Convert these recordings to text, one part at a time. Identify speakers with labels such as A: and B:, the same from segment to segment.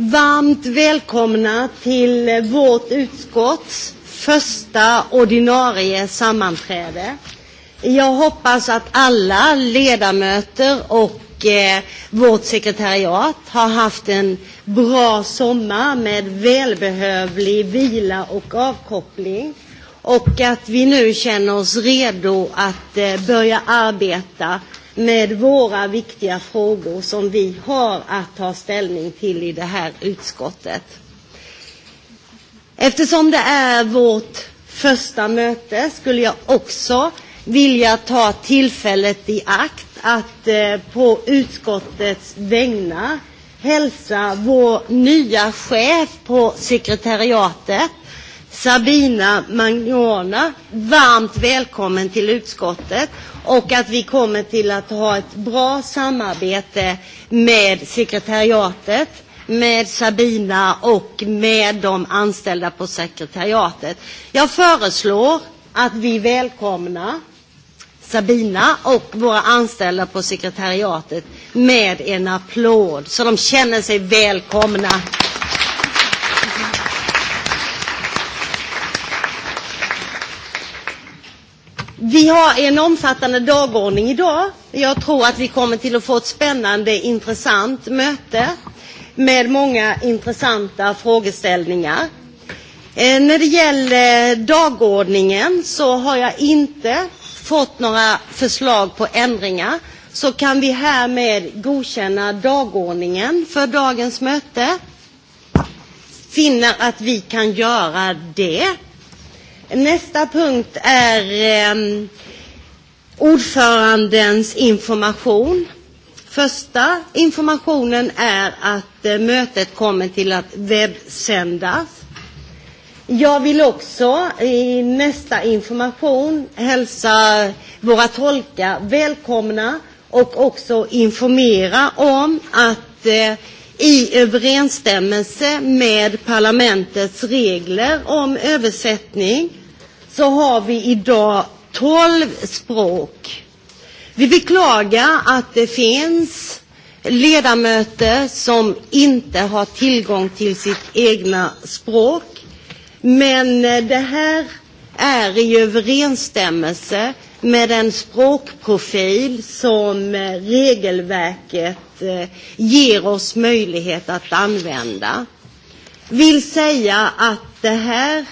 A: Varmt välkomna till vårt utskotts första ordinarie sammanträde. Jag hoppas att alla ledamöter och eh, vårt sekretariat har haft en bra sommar med välbehövlig vila och avkoppling och att vi nu känner oss redo att eh, börja arbeta med våra viktiga frågor som vi har att ta ställning till i det här utskottet. Eftersom det är vårt första möte skulle jag också vilja ta tillfället i akt att på utskottets vägnar hälsa vår nya chef på sekretariatet, Sabina Magnona varmt välkommen till utskottet och att vi kommer till att ha ett bra samarbete med sekretariatet, med Sabina och med de anställda på sekretariatet. Jag föreslår att vi välkomnar Sabina och våra anställda på sekretariatet med en applåd så de känner sig välkomna. Vi har en omfattande dagordning idag. Jag tror att vi kommer till att få ett spännande, intressant möte med många intressanta frågeställningar. när det gäller dagordningen så har jag inte fått några förslag på ändringar så kan vi härmed godkänna dagordningen för dagens möte. Finner att vi kan göra det. Nästa punkt är eh, ordförandens information. Första informationen är att eh, mötet kommer till att webbsändas. Jag vill också i nästa information hälsa våra tolkar välkomna och också informera om att eh, i överensstämmelse med parlamentets regler om översättning så har vi idag 12 språk. Vi beklagar att det finns ledamöter som inte har tillgång till sitt egna språk. Men det här är i överensstämmelse med den språkprofil som regelverket ger oss möjlighet att använda. Vill säga att det här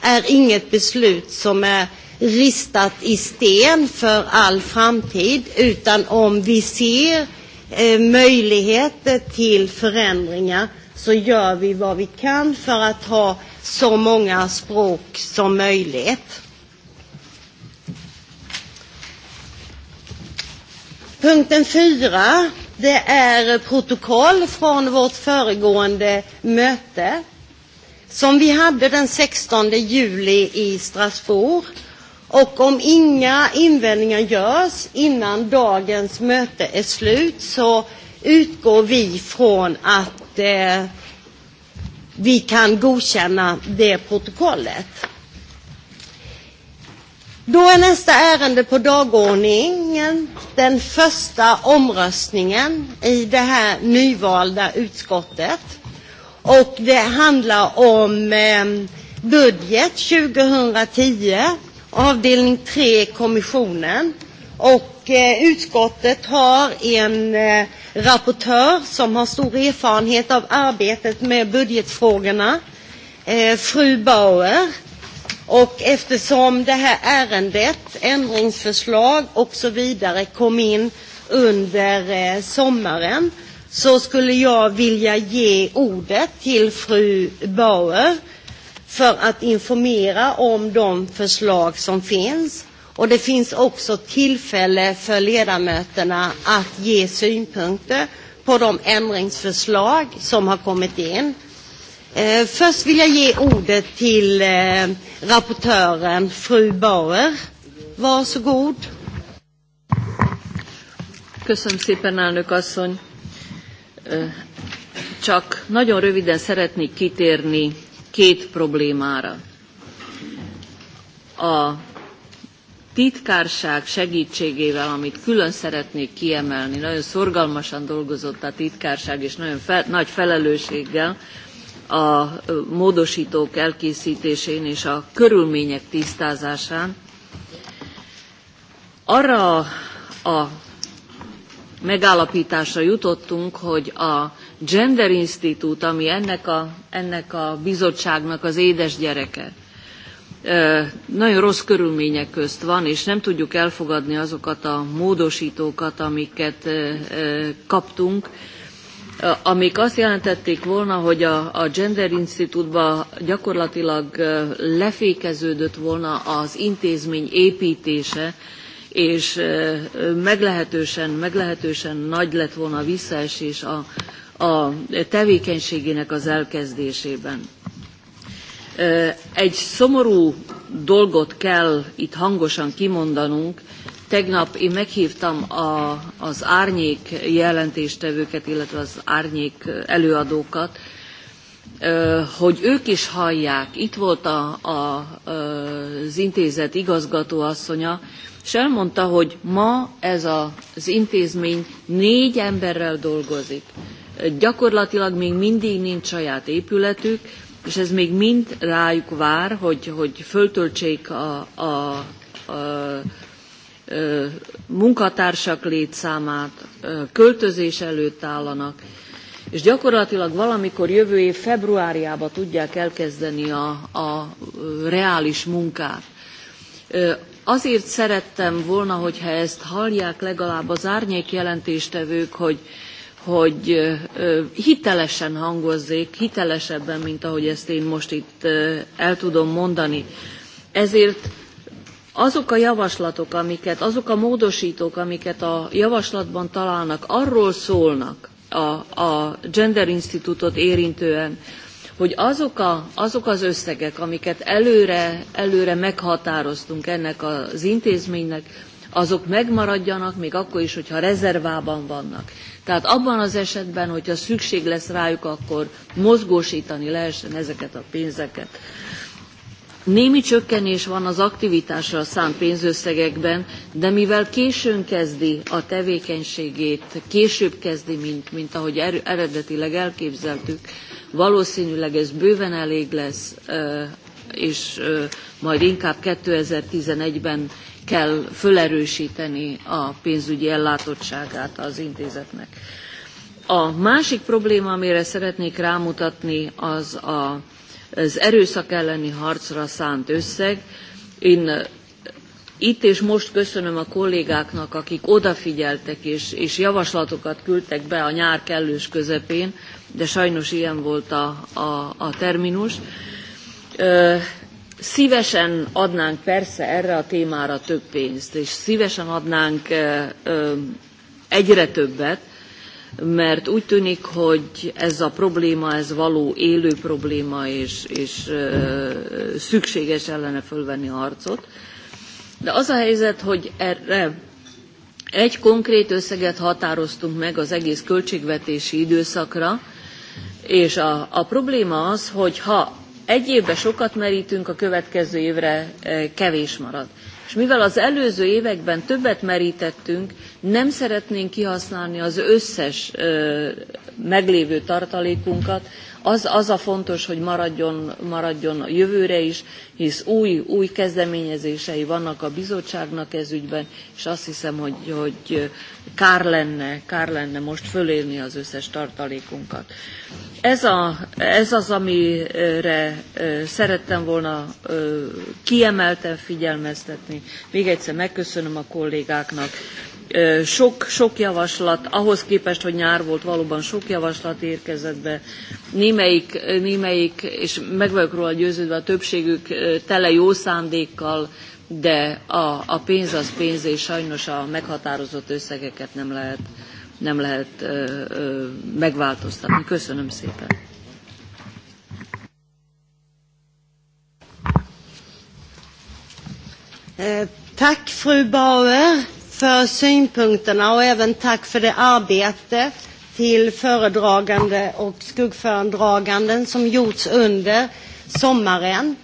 A: är inget beslut som är ristat i sten för all framtid utan om vi ser möjligheter till förändringar så gör vi vad vi kan för att ha så många språk som möjligt. Punkten 4 Det är protokoll från vårt föregående möte som vi hade den 16 juli i Strasbourg. Och om inga invändningar görs innan dagens möte är slut så utgår vi från att eh, vi kan godkänna det protokollet. Då är nästa ärende på dagordningen den första omröstningen i det här nyvalda utskottet. Och det handlar om budget 2010, avdelning 3, kommissionen. Och utskottet har en rapportör som har stor erfarenhet av arbetet med budgetfrågorna, fru Bauer Och eftersom det här ärendet, ändringsförslag och så vidare kom in under sommaren så skulle jag vilja ge ordet till fru Bauer för att informera om de förslag som finns. Och det finns också tillfälle för ledamöterna att ge synpunkter på de ändringsförslag som har kommit in. Eh, först vill jag ge ordet till eh, rapportören fru Bauer. Varsågod. Köszönöm szépen, elnök asszony.
B: Csak nagyon röviden szeretnék kitérni két problémára. A titkárság segítségével, amit külön szeretnék kiemelni, nagyon szorgalmasan dolgozott a titkárság, és nagyon fe- nagy felelősséggel, a módosítók elkészítésén és a körülmények tisztázásán. Arra a megállapításra jutottunk, hogy a Gender Institute, ami ennek a, ennek a bizottságnak az édesgyereke, nagyon rossz körülmények közt van, és nem tudjuk elfogadni azokat a módosítókat, amiket kaptunk, amik azt jelentették volna, hogy a, a Gender Institute-ba gyakorlatilag lefékeződött volna az intézmény építése, és meglehetősen, meglehetősen nagy lett volna a visszaesés a, a tevékenységének az elkezdésében. Egy szomorú dolgot kell itt hangosan kimondanunk, Tegnap én meghívtam a, az árnyék jelentéstevőket, illetve az árnyék előadókat, hogy ők is hallják. Itt volt a, a, az intézet igazgatóasszonya, és elmondta, hogy ma ez az intézmény négy emberrel dolgozik. Gyakorlatilag még mindig nincs saját épületük, és ez még mind rájuk vár, hogy, hogy föltöltsék a, a, a munkatársak létszámát, költözés előtt állanak, és gyakorlatilag valamikor jövő év februárjába tudják elkezdeni a, a reális munkát. Azért szerettem volna, hogyha ezt hallják legalább az árnyék jelentéstevők, hogy, hogy hitelesen hangozzék, hitelesebben, mint ahogy ezt én most itt el tudom mondani. Ezért azok a javaslatok, amiket, azok a módosítók, amiket a javaslatban találnak, arról szólnak a, a Gender Institutot érintően, hogy azok, a, azok az összegek, amiket előre, előre meghatároztunk ennek az intézménynek, azok megmaradjanak még akkor is, hogyha rezervában vannak. Tehát abban az esetben, hogyha szükség lesz rájuk, akkor mozgósítani lehessen ezeket a pénzeket. Némi csökkenés van az aktivitásra szánt pénzösszegekben, de mivel későn kezdi a tevékenységét, később kezdi, mint, mint ahogy eredetileg elképzeltük, valószínűleg ez bőven elég lesz, és majd inkább 2011-ben kell fölerősíteni a pénzügyi ellátottságát az intézetnek. A másik probléma, amire szeretnék rámutatni, az a az erőszak elleni harcra szánt összeg. Én itt és most köszönöm a kollégáknak, akik odafigyeltek és, és javaslatokat küldtek be a nyár kellős közepén, de sajnos ilyen volt a, a, a terminus. Szívesen adnánk persze erre a témára több pénzt, és szívesen adnánk egyre többet, mert úgy tűnik, hogy ez a probléma, ez való élő probléma, és, és szükséges ellene fölvenni a harcot. De az a helyzet, hogy erre egy konkrét összeget határoztunk meg az egész költségvetési időszakra, és a, a probléma az, hogy ha egy évben sokat merítünk, a következő évre kevés marad. És mivel az előző években többet merítettünk, nem szeretnénk kihasználni az összes meglévő tartalékunkat, az, az a fontos, hogy maradjon, maradjon a jövőre is, hisz új, új kezdeményezései vannak a bizottságnak ez ügyben, és azt hiszem, hogy, hogy kár, lenne, kár lenne most fölélni az összes tartalékunkat. Ez, a, ez az, amire szerettem volna kiemelten figyelmeztetni. Még egyszer megköszönöm a kollégáknak sok, sok javaslat, ahhoz képest, hogy nyár volt, valóban sok javaslat érkezett be. Némelyik, némelyik és meg vagyok róla győződve, a többségük tele jó szándékkal, de a, a pénz az pénz, és sajnos a meghatározott összegeket nem lehet, nem lehet ö, ö, megváltoztatni.
A: Köszönöm szépen. Tack fru Bauer för synpunkterna och även tack för det arbete till föredragande och skuggföredraganden som gjorts under sommaren.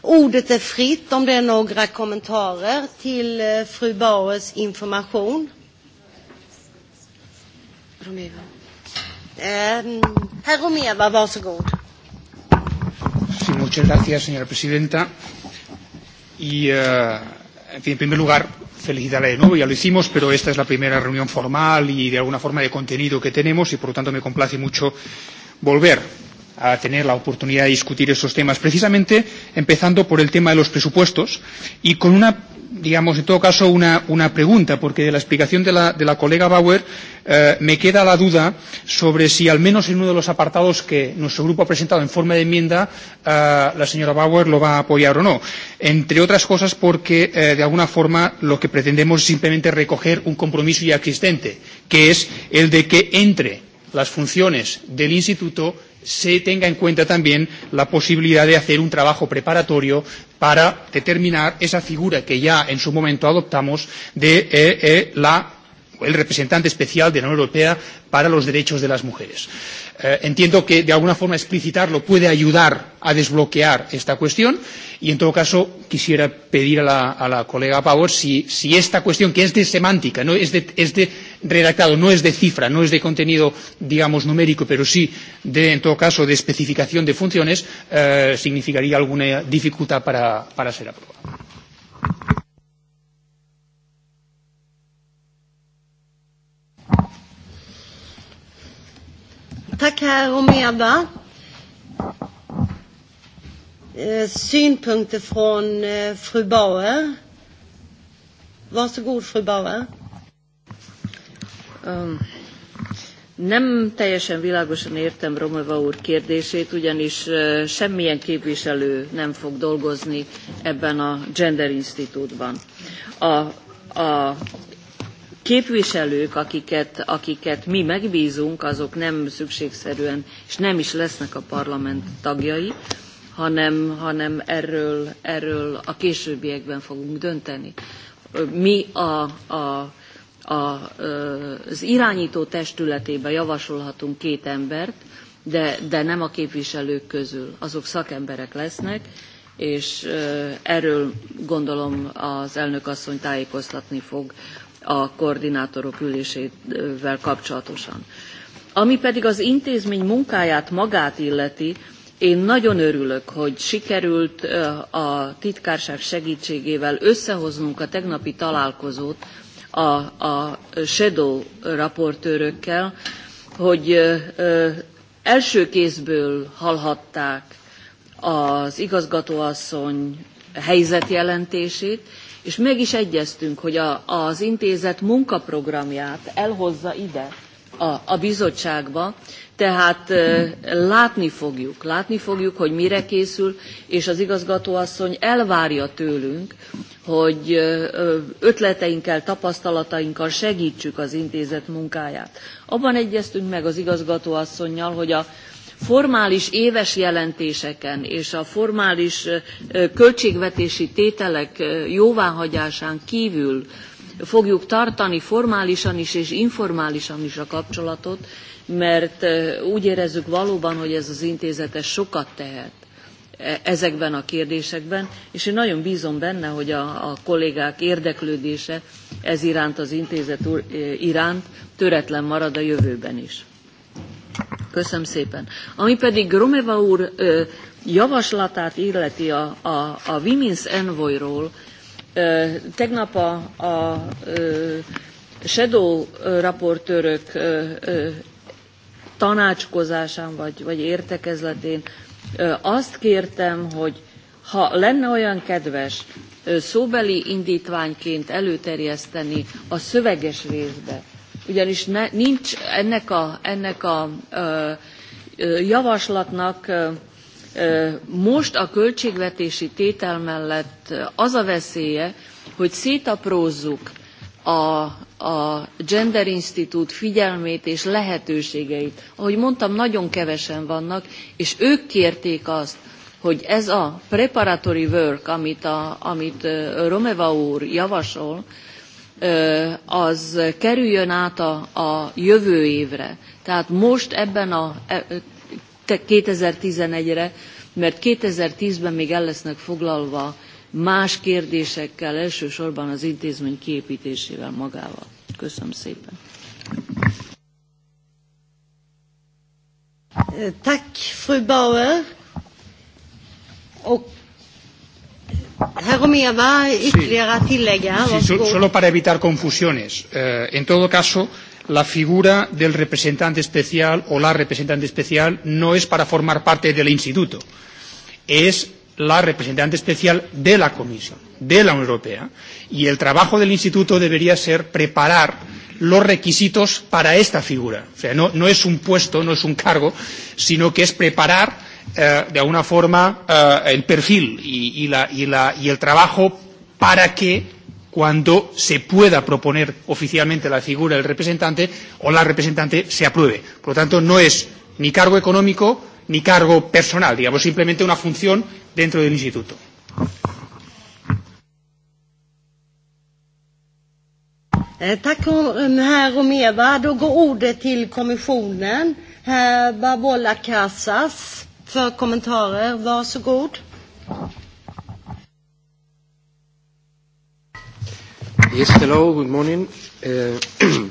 A: Ordet är fritt om det är några kommentarer till fru Bauers information. Romeva. Herr Romeva, varsågod.
C: Sí, muchas gracias, señora presidenta. Y, uh, en fin, en primer lugar, felicitarle de nuevo, ya lo hicimos, pero esta es la primera reunión formal y de alguna forma de contenido que tenemos y por lo tanto me complace mucho volver a tener la oportunidad de discutir estos temas, precisamente empezando por el tema de los presupuestos y con una digamos, en todo caso, una, una pregunta, porque de la explicación de la, de la colega Bauer eh, me queda la duda sobre si al menos en uno de los apartados que nuestro grupo ha presentado en forma de enmienda, eh, la señora Bauer lo va a apoyar o no. Entre otras cosas porque, eh, de alguna forma, lo que pretendemos es simplemente recoger un compromiso ya existente, que es el de que entre las funciones del Instituto se tenga en cuenta también la posibilidad de hacer un trabajo preparatorio para determinar esa figura que ya en su momento adoptamos de eh, eh, la el representante especial de la Unión Europea para los derechos de las mujeres. Eh, entiendo que de alguna forma explicitarlo puede ayudar a desbloquear esta cuestión y en todo caso quisiera pedir a la, a la colega Power si, si esta cuestión que es de semántica, no es de, es de redactado no es de cifra, no es de contenido, digamos, numérico, pero sí, de, en todo caso, de especificación de funciones, eh, significaría alguna dificultad para, para ser aprobado.
A: Tack här och meda. Eh, Synpunkter från eh, fru Bauer. Varsågod fru Bauer. Nem teljesen világosan
B: értem Romeva úr kérdését, ugyanis semmilyen képviselő nem fog dolgozni ebben a Gender Institútban. A, képviselők, akiket, akiket mi megbízunk, azok nem szükségszerűen, és nem is lesznek a parlament tagjai, hanem, hanem erről, erről a későbbiekben fogunk dönteni. Mi a, a az irányító testületébe javasolhatunk két embert, de, de nem a képviselők közül. Azok szakemberek lesznek, és erről gondolom az elnök asszony tájékoztatni fog a koordinátorok ülésével kapcsolatosan. Ami pedig az intézmény munkáját magát illeti, én nagyon örülök, hogy sikerült a titkárság segítségével összehoznunk a tegnapi találkozót, a, a shadow raportőrökkel, hogy első kézből hallhatták az igazgatóasszony helyzetjelentését, és meg is egyeztünk, hogy a, az intézet munkaprogramját elhozza ide a, a bizottságba, Tehát látni fogjuk, látni fogjuk, hogy mire készül, és az igazgatóasszony elvárja tőlünk, hogy ötleteinkkel, tapasztalatainkkal segítsük az intézet munkáját. Abban egyeztünk meg az igazgatóasszonynal, hogy a formális éves jelentéseken és a formális költségvetési tételek jóváhagyásán kívül fogjuk tartani formálisan is és informálisan is a kapcsolatot, mert úgy érezzük valóban, hogy ez az intézetes sokat tehet ezekben a kérdésekben, és én nagyon bízom benne, hogy a, a kollégák érdeklődése ez iránt az intézet iránt töretlen marad a jövőben is. Köszönöm szépen. Ami pedig Romeva úr javaslatát illeti a, a, a Women's Envoy-ról, Tegnap a, a shadow raportőrök tanácskozásán vagy, vagy értekezletén azt kértem, hogy ha lenne olyan kedves szóbeli indítványként előterjeszteni a szöveges részbe, ugyanis ne, nincs ennek a, ennek a ö, javaslatnak most a költségvetési tétel mellett az a veszélye, hogy szétaprózzuk a, a Gender Institute figyelmét és lehetőségeit. Ahogy mondtam, nagyon kevesen vannak, és ők kérték azt, hogy ez a preparatory work, amit, a, amit Romeva úr javasol, az kerüljön át a, a jövő évre. Tehát most ebben a 2011-re, mert 2010-ben még el lesznek foglalva más kérdésekkel, elsősorban az intézmény kiépítésével magával.
A: Köszönöm szépen. Tack, fru Bauer. Och här jag Romeva, ytterligare att tillägga. Sí, solo
C: para evitar confusiones. Eh, en todo caso, la figura del representante especial o la representante especial no es para formar parte del instituto, es la representante especial de la Comisión, de la Unión Europea. Y el trabajo del instituto debería ser preparar los requisitos para esta figura. O sea, no, no es un puesto, no es un cargo, sino que es preparar eh, de alguna forma eh, el perfil y, y, la, y, la, y el trabajo para que cuando se pueda proponer oficialmente la figura del representante o la representante se apruebe. Por lo tanto, no es ni cargo económico ni cargo personal, digamos simplemente una función dentro del instituto.
A: Tack herr Romeva. Då går ordet till kommissionen. Herr Babola Casas för kommentarer. Varsågod.
D: Yes, hello, good morning. the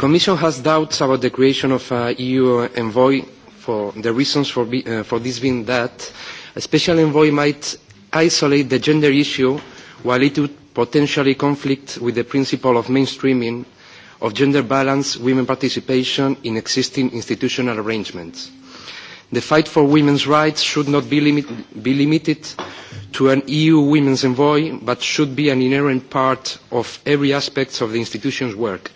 D: Commission has doubts about the creation of an EU envoy for the reasons for, be, uh, for this being that a special envoy might isolate the gender issue while it would potentially conflict with the principle of mainstreaming of gender balance, women participation in existing institutional arrangements. The fight for women's rights should not be, limited to an EU Women's Envoy, but should be an inherent part of every aspect of the institution's work.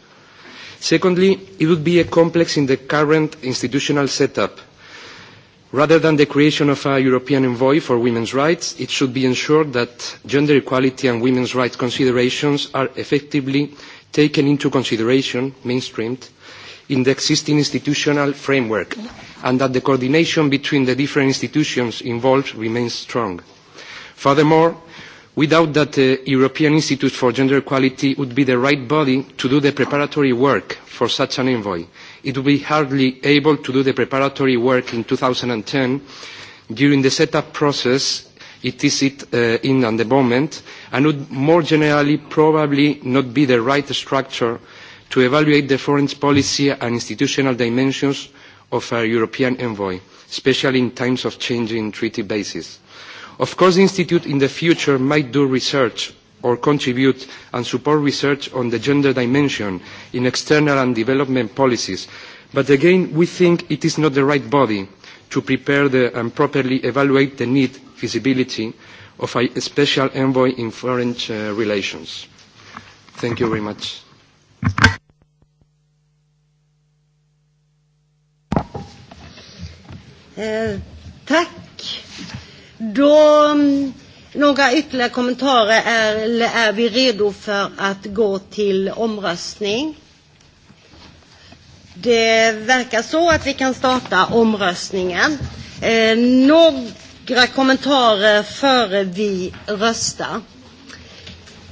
D: Secondly, it would be a complex in the current institutional setup. Rather than the creation of a European envoy for women's rights, it should be ensured that gender equality and women's rights considerations are effectively taken into consideration, mainstreamed, in the existing institutional framework, and that the coordination between the different institutions involved remains strong. Furthermore, we doubt that the European Institute for Gender Equality would be the right body to do the preparatory work for such an envoy. It would be hardly able to do the preparatory work in 2010 during the setup process it is it uh, in at the moment and would more generally probably not be the right structure to evaluate the foreign policy and institutional dimensions of a European envoy, especially in times of changing treaty bases. Of course, the Institute in the future might do research or contribute and support research on the gender dimension in external and development policies. But again, we think it is not the right body to prepare the, and properly evaluate the need, feasibility of a special envoy in foreign uh, relations. Thank you very much.
A: Då, några ytterligare kommentarer. Är, är vi redo för att gå till omröstning? Det verkar så att vi kan starta omröstningen. Eh, några kommentarer före vi röstar.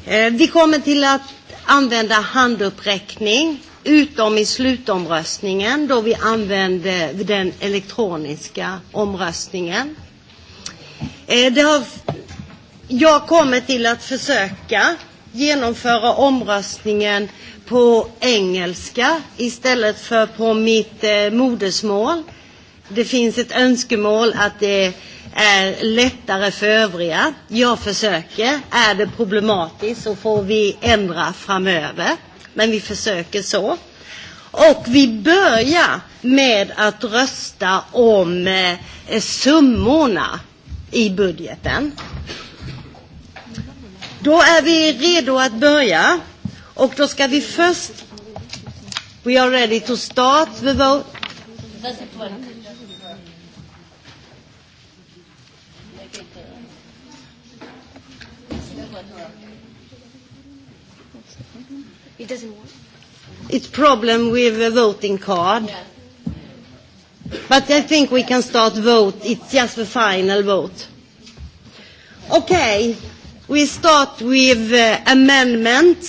A: Eh, vi kommer till att använda handuppräckning utom i slutomröstningen då vi använder den elektroniska omröstningen. Det har jag kommer till att försöka genomföra omröstningen på engelska istället för på mitt eh, modersmål. Det finns ett önskemål att det är lättare för övriga. Jag försöker. Är det problematiskt så får vi ändra framöver. Men vi försöker så. Och vi börjar med att rösta om eh, summorna i budgeten. Då är vi redo att börja. Och då ska vi först... We are ready to start the vote. It doesn't work. It's problem with the voting card. Yeah. But I think we can start vote. It's just the final vote. Okay, we start with uh, amendment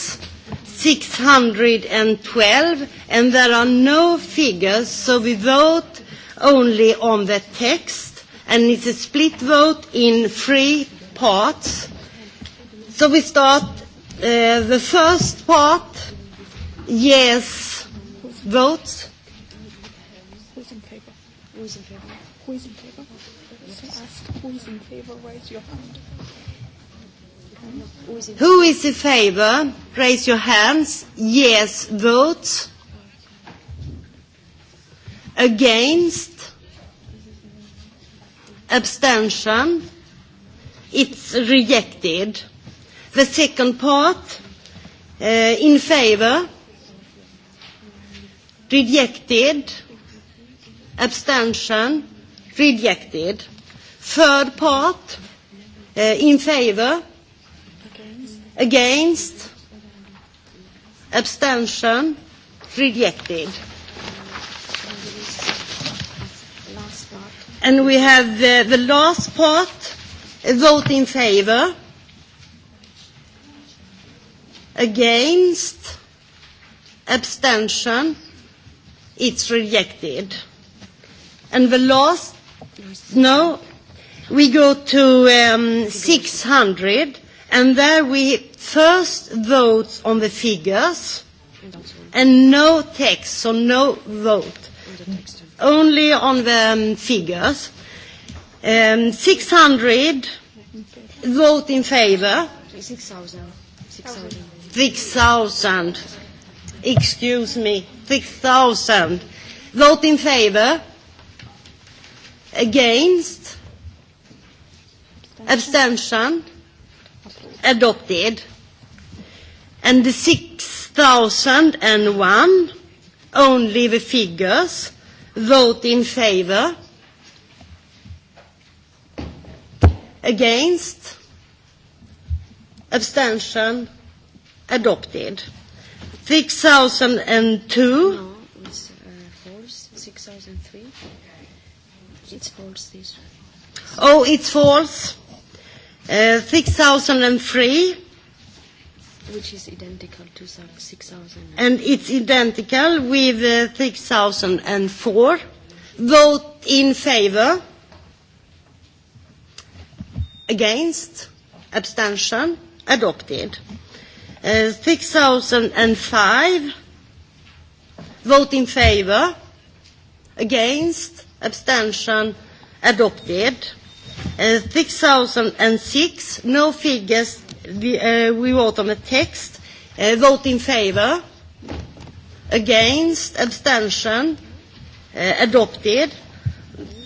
A: 612, and there are no figures, so we vote only on the text, and it's a split vote in three parts. So we start uh, the first part, yes, votes.
E: Who is in favor? So ask who is in favor, raise your hand. Who is
A: in favor? Raise your hands. Yes, vote. Against? Abstention? It's rejected. The second part, uh, in favor? Rejected? Abstention? rejected. Third part, uh, in favor, against, abstention, rejected. And we have the, the last part, a vote in favor, against, abstention, it's rejected. And the last No. We go to um, 600, and there we first vote on the figures and no text, so no vote. Only on the um, figures. Um, 600 vote in favor. 6,000. 6,000. Excuse me. 6,000. Vote in favor. Against? Abstention? Adopted. And the 6,001, only the figures. Vote in favor. Against? Abstention? Adopted. 6,002. It's false, this. Oh, it's false. Uh, 6003. Which is identical to 6000. And it's identical with uh, 6004. Vote in favor. Against. Abstention. Adopted. Uh, 6005. Vote in favor. Against abstention adopted. Uh, 6006, no figures, we, uh, we vote on the text. Uh, vote in favour, against, abstention, uh, adopted.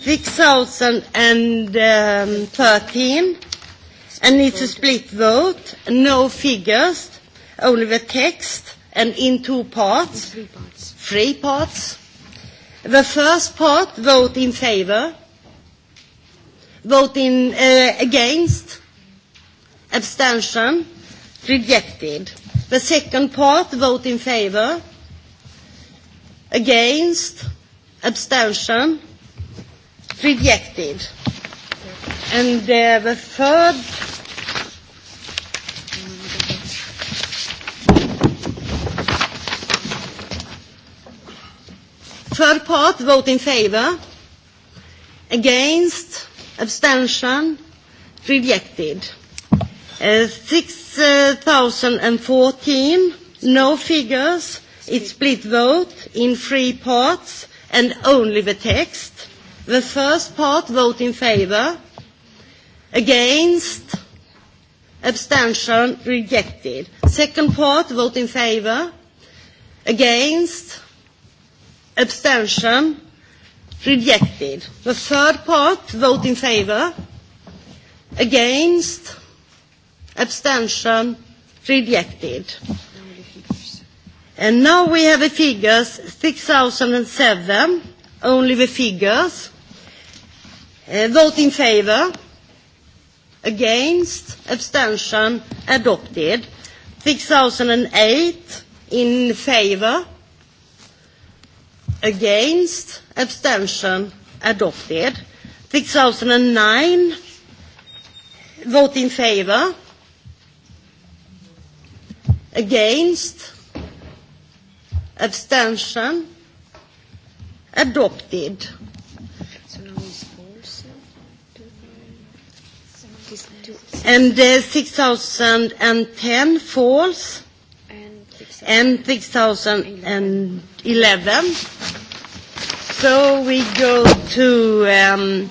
A: 6013, and it's a split vote, no figures, only the text, and in two parts. Three parts. Three parts The first part, vote in favor. Vote in uh, against. Abstention. Rejected. The second part, vote in favor. Against. Abstention. Rejected. And uh, the third Third part, vote in favor. Against, abstention, rejected. Uh, 6014, no figures. It's split vote in three parts and only the text. The first part, vote in favor. Against, abstention, rejected. Second part, vote in favor. Against, Abstention? Rejected. The third part, vote in favour. Against? Abstention? Rejected. And now we have the figures 6007, only the figures. Uh, vote in favour. Against? Abstention? Adopted. 6008 in favour Against? Abstention? Adopted. 6009. Vote in favor. Against? Abstention? Adopted. And uh, 6010 falls and 6011. So we go to um,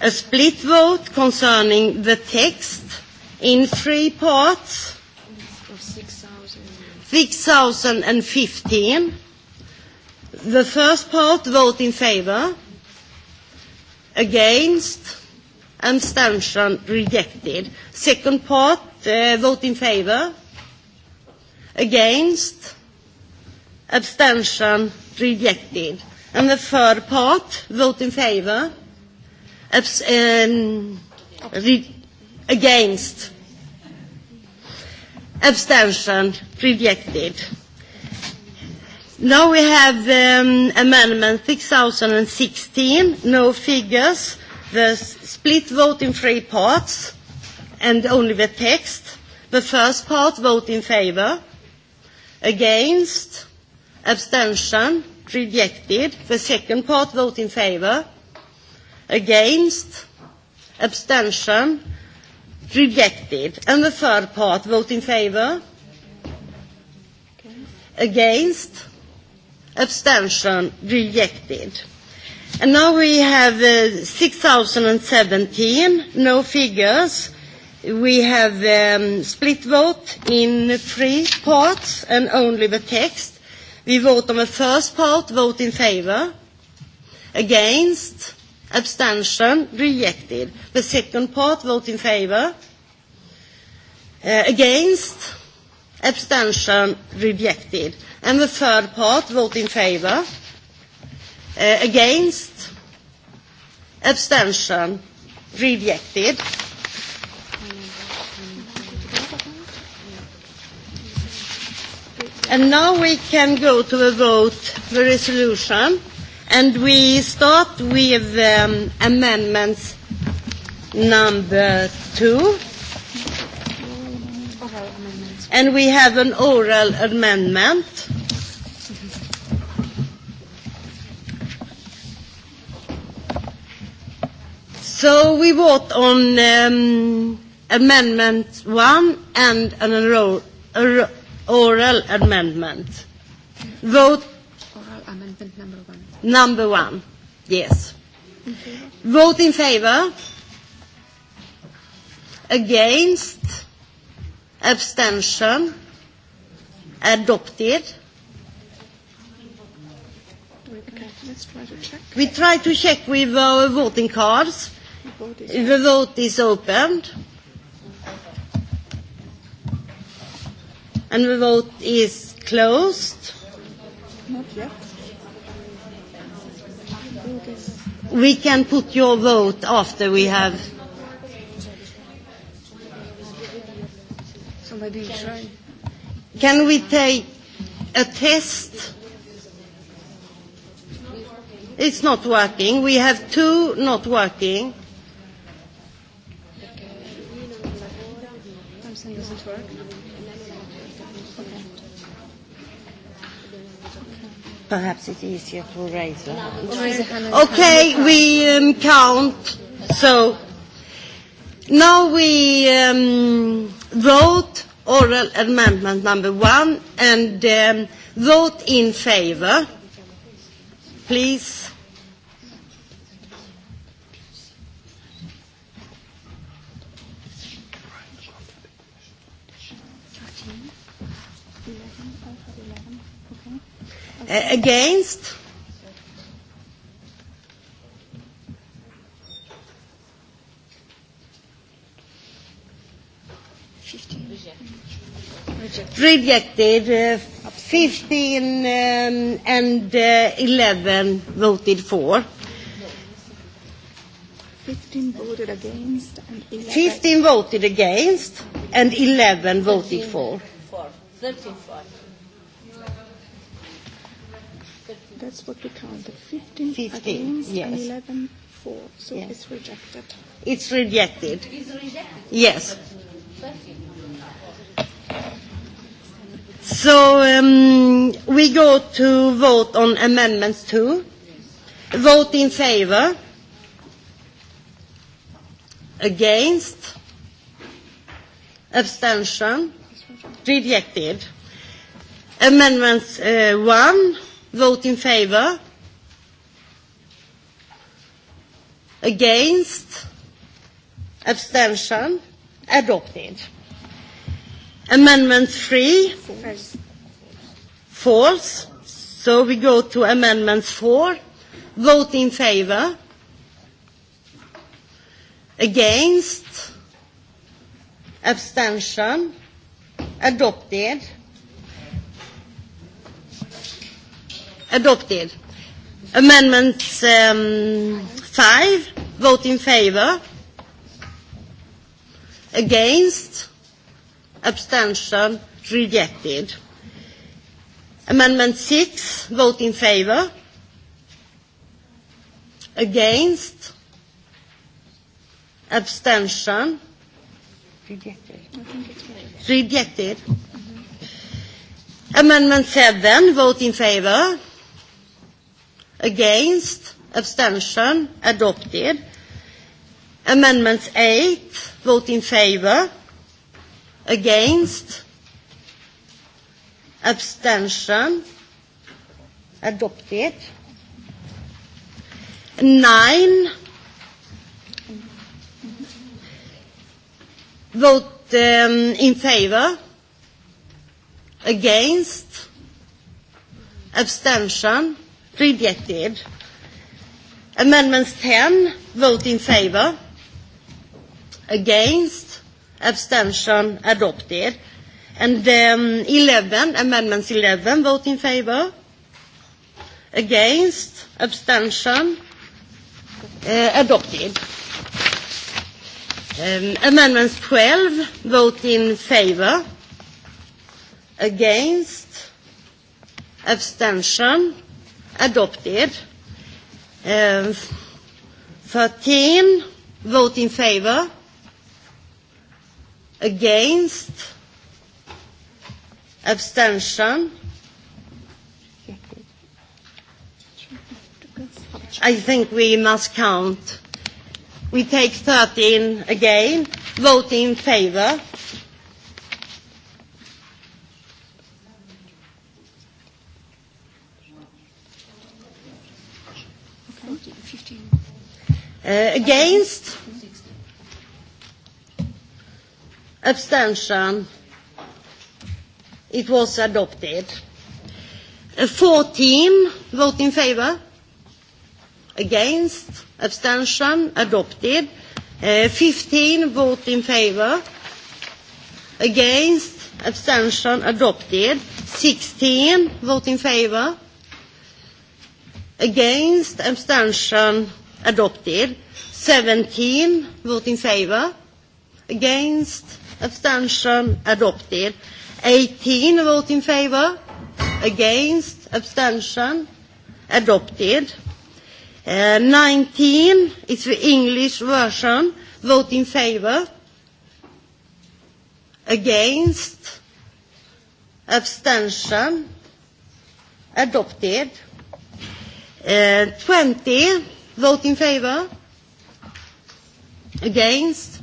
A: a split vote concerning the text in three parts. 6015. The first part, vote in favor, against, abstention, rejected. Second part, uh, vote in favor, Against? Abstention? Rejected. And the third part, vote in favor? Abs- um, against? Abstention? Rejected. Now we have the um, amendment 6016, no figures, the split vote in three parts, and only the text. The first part, vote in favor. Against? Abstention? Rejected. The second part, vote in favor. Against? Abstention? Rejected. And the third part, vote in favor. Against? Abstention? Rejected. And now we have uh, 6017, no figures. We have um, split vote in three parts and only the text. We vote on the first part, vote in favour, against, abstention, rejected. The second part, vote in favour, uh, against, abstention, rejected. And the third part, vote in favour, uh, against, abstention, rejected. And now we can go to the vote, the resolution. And we start with um, amendments number two. And we have an oral amendment. So we vote on um, amendment one and an oral amendment. Vote.
F: Oral amendment number one.
A: Number one. Yes. Vote in favor. Against. Abstention. Adopted.
F: Okay, let's try to check.
A: We try to check with our voting cards. The vote is opened. And the vote is closed. Not yet. We can put your vote after we have.
G: Somebody try.
A: Can we take a test? It's not working. We have two not working.
E: doesn't work.
A: Perhaps it's easier to raise the hand. Okay, we um, count. So now we um, vote oral amendment number one and um, vote in favor. Please Against? Rejected. 15 um, and uh, 11 voted for.
E: 15 voted against and 11 15
A: voted against
E: and 11 voted for. 13 for. That's what we counted. 15, 15 against yes. and 11 for. So yes. it's rejected.
A: It's rejected. It's rejected. Yes. So um, we go to vote on amendments two. Yes. Vote in favor. Against. Abstention. Rejected. Amendments uh, one Vote in favor. Against. Abstention. Adopted. Amendment 3. False. So we go to amendment 4. Vote in favor. Against. Abstention. Adopted. adopted. Amendment um, 5, vote in favour. Against, abstention, rejected. Amendment 6, vote in favour. Against, abstention, rejected. rejected. Amendment 7, vote in favour Against? Abstention? Adopted. Amendment 8. Vote in favor. Against? Abstention? Adopted. 9. Vote um, in favor. Against? Abstention? Rejected. Amendments 10, vote in favor. Against. Abstention adopted. And um, 11, amendments 11, vote in favor. Against. Abstention uh, adopted. Um, amendments 12, vote in favor. Against. Abstention adopted. Um, 13 vote in favor. Against. Abstention. I think we must count. We take 13 again. Vote in favor. Against? Abstention. It was adopted. 14, vote in favor. Against? Abstention. Adopted. 15, vote in favor. Against? Abstention. Adopted. 16, vote in favor. Against? Abstention adopted. 17, vote in favour. Against, abstention, adopted. 18, vote in favour. Against, abstention, adopted. Uh, 19, it's the English version. Vote in favour. Against, abstention, adopted. Uh, 20, Vote in favor? Against?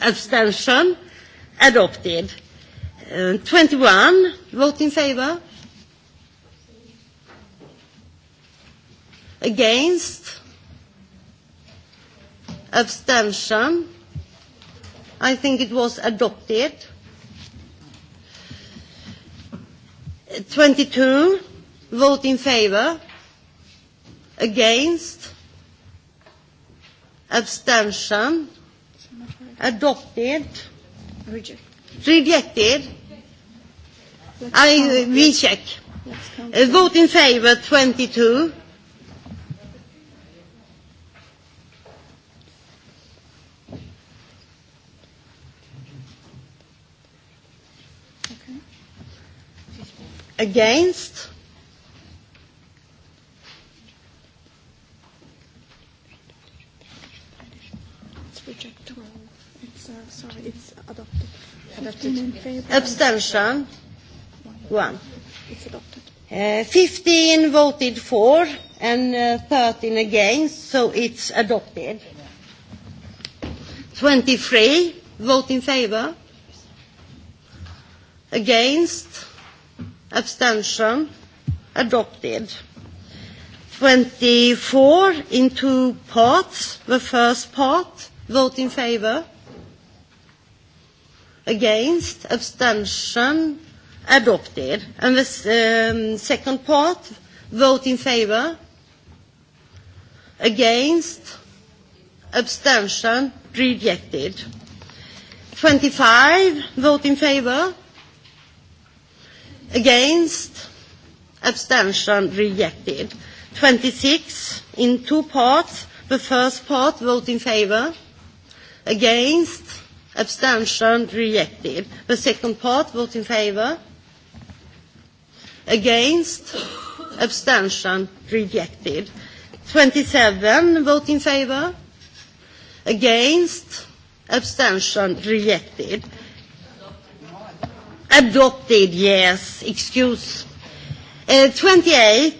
A: Abstention? Adopted. Uh, 21. Vote in favor? Against? Abstention? I think it was adopted. 22. Vote in favor? Against? abstention, adopted, rejected. I we check. Uh, vote in favour 22. Against
H: Sorry, it's adopted.
A: Adopted. In favor. Abstention. One. It's adopted. Uh, 15 voted for and uh, 13 against, so it's adopted. 23 vote in favor, against, abstention, adopted. 24 in two parts. The first part, vote in favor, against, abstention, adopted. And the um, second part, vote in favor, against, abstention, rejected. 25, vote in favor, against, abstention, rejected. 26, in two parts, the first part, vote in favor, against, abstention rejected. The second part, vote in favor. Against, abstention rejected. 27, vote in favor. Against, abstention rejected. Adopted, yes, excuse. Uh, 28,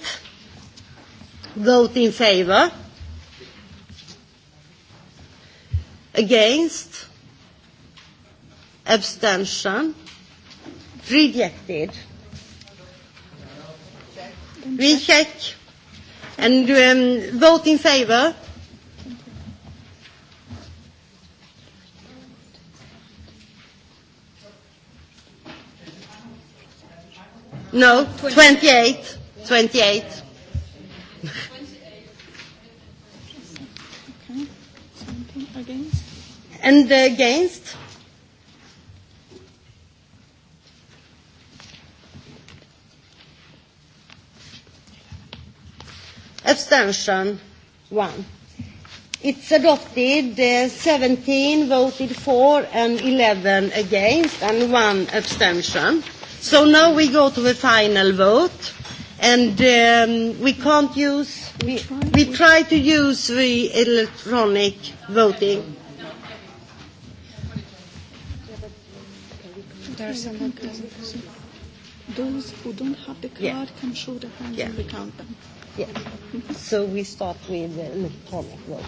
A: vote in favor. Against, abstention, rejected. We check and um, vote in favor. No, 28. 28. and against? abstention, one. It's adopted. Uh, 17 voted for and 11 against and one abstention. So now we go to the final vote. And um, we can't use, we, we try to use the electronic voting.
E: someone Those who don't have the card yeah. can show their hands yeah. and we count them.
A: So we start with electronic vote.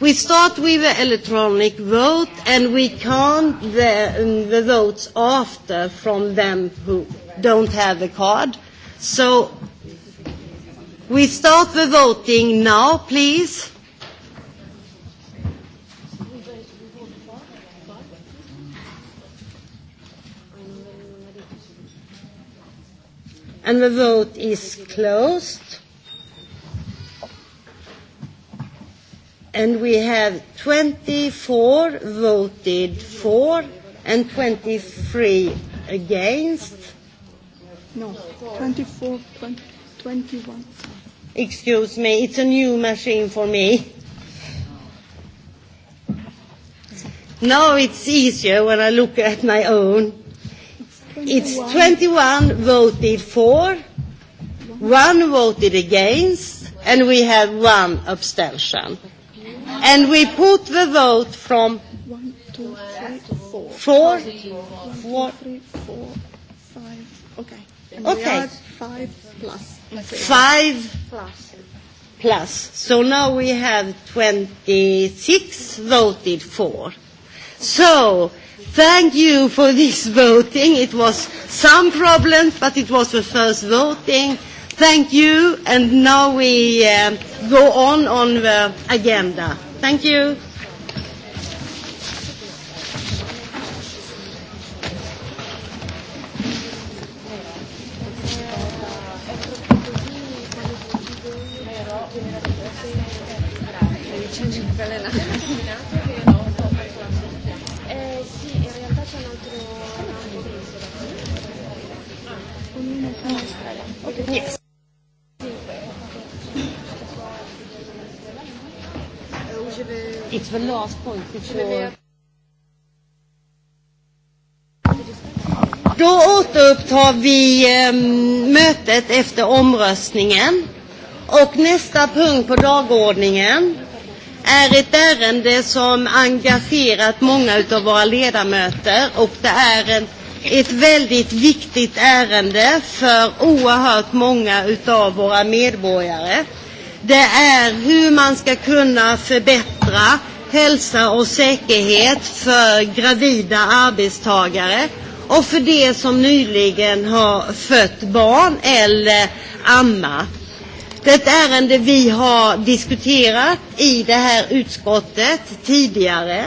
A: We start with electronic vote, and we count the, the votes after from them who don't have the card. So we start the voting now, please. And the vote is closed. and we have 24 voted for and 23 against.
E: No, 24, 20, 21.
A: Excuse me, it's a new machine for me. No, it's easier when I look at my own. It's 21 voted for, one voted against, and we have one abstention. And we put the vote from
E: one, two, three, four, four, one, two, three, four, five. Okay. okay. We five
A: plus. Five plus. Plus. So now we have 26 voted for. So thank you for this voting. It was some problems, but it was the first voting. Thank you, and now we uh, go on on the agenda. Thank you. Då återupptar vi mötet efter omröstningen. Och nästa punkt på dagordningen är ett ärende som engagerat många av våra ledamöter och det är en, ett väldigt viktigt ärende för oerhört många av våra medborgare. Det är hur man ska kunna förbättra hälsa och säkerhet för gravida arbetstagare och för de som nyligen har fött barn eller amma. Det är ett ärende vi har diskuterat i det här utskottet tidigare.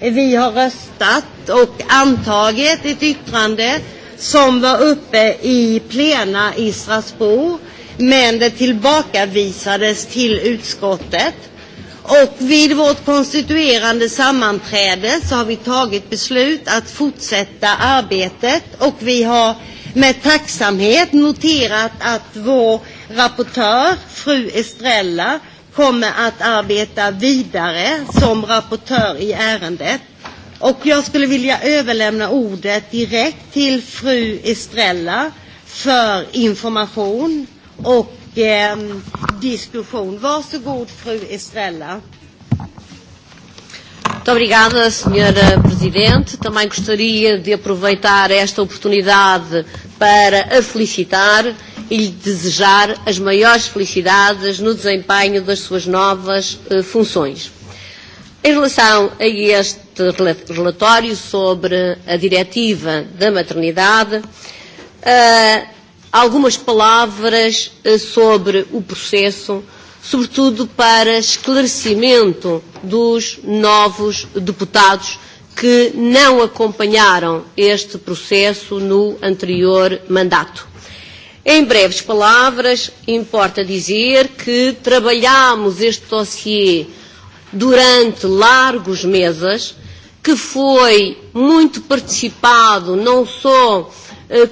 A: Vi har röstat och antagit ett yttrande som var uppe i plena i Strasbourg men det tillbakavisades till utskottet. Och vid vårt konstituerande sammanträde så har vi tagit beslut att fortsätta arbetet och vi har med tacksamhet noterat att vår rapportör, fru Estrella, kommer att arbeta vidare som rapportör i ärendet. Och jag skulle vilja överlämna ordet direkt till fru Estrella för information och diskussion. Varsågod fru Estrella.
G: Muito obrigada, Senhora Presidente. Também gostaria de aproveitar esta oportunidade para a felicitar e lhe desejar as maiores felicidades no desempenho das suas novas funções. Em relação a este relatório sobre a diretiva da maternidade, algumas palavras sobre o processo, sobretudo para esclarecimento dos novos deputados que não acompanharam este processo no anterior mandato. Em breves palavras, importa dizer que trabalhámos este dossiê durante largos meses, que foi muito participado não só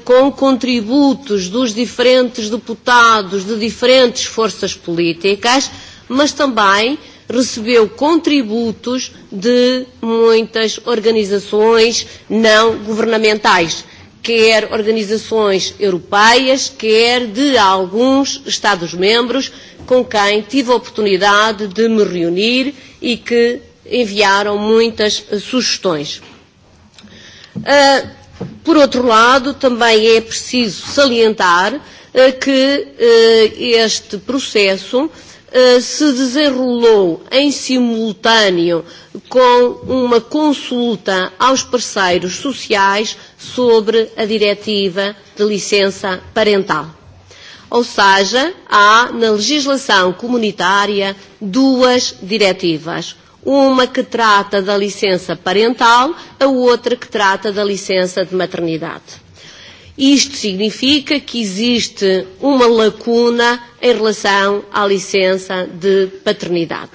G: com contributos dos diferentes deputados de diferentes forças políticas, mas também recebeu contributos de muitas organizações não governamentais, quer organizações europeias, quer de alguns Estados-membros com quem tive a oportunidade de me reunir e que enviaram muitas sugestões. Uh, Por outro lado, também é preciso salientar que este processo se desenrolou em simultâneo com uma consulta aos parceiros sociais sobre a diretiva de licença parental. Ou seja, há na legislação comunitária duas diretivas uma que trata da licença parental, a outra que trata da licença de maternidade. Isto significa que existe uma lacuna em relação à licença de paternidade.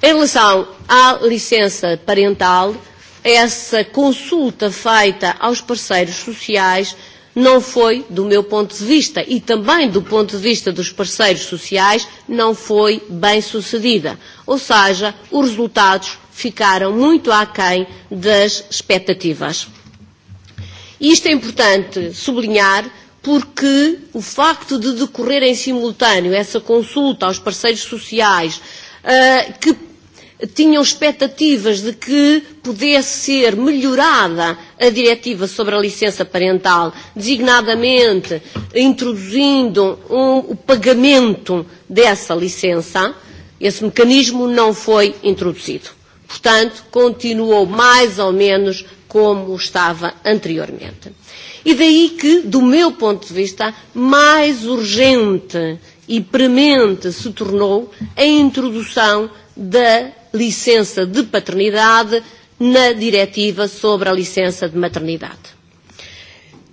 G: Em relação à licença parental, essa consulta feita aos parceiros sociais não foi, do meu ponto de vista e também do ponto de vista dos parceiros sociais, não foi bem sucedida. Ou seja, os resultados ficaram muito aquém das expectativas. Isto é importante sublinhar porque o facto de decorrer em simultâneo essa consulta aos parceiros sociais, que tinham expectativas de que pudesse ser melhorada a diretiva sobre a licença parental, designadamente introduzindo um, o pagamento dessa licença, esse mecanismo não foi introduzido. Portanto, continuou mais ou menos como estava anteriormente. E daí que, do meu ponto de vista, mais urgente e premente se tornou a introdução da licença de paternidade na diretiva sobre a licença de maternidade.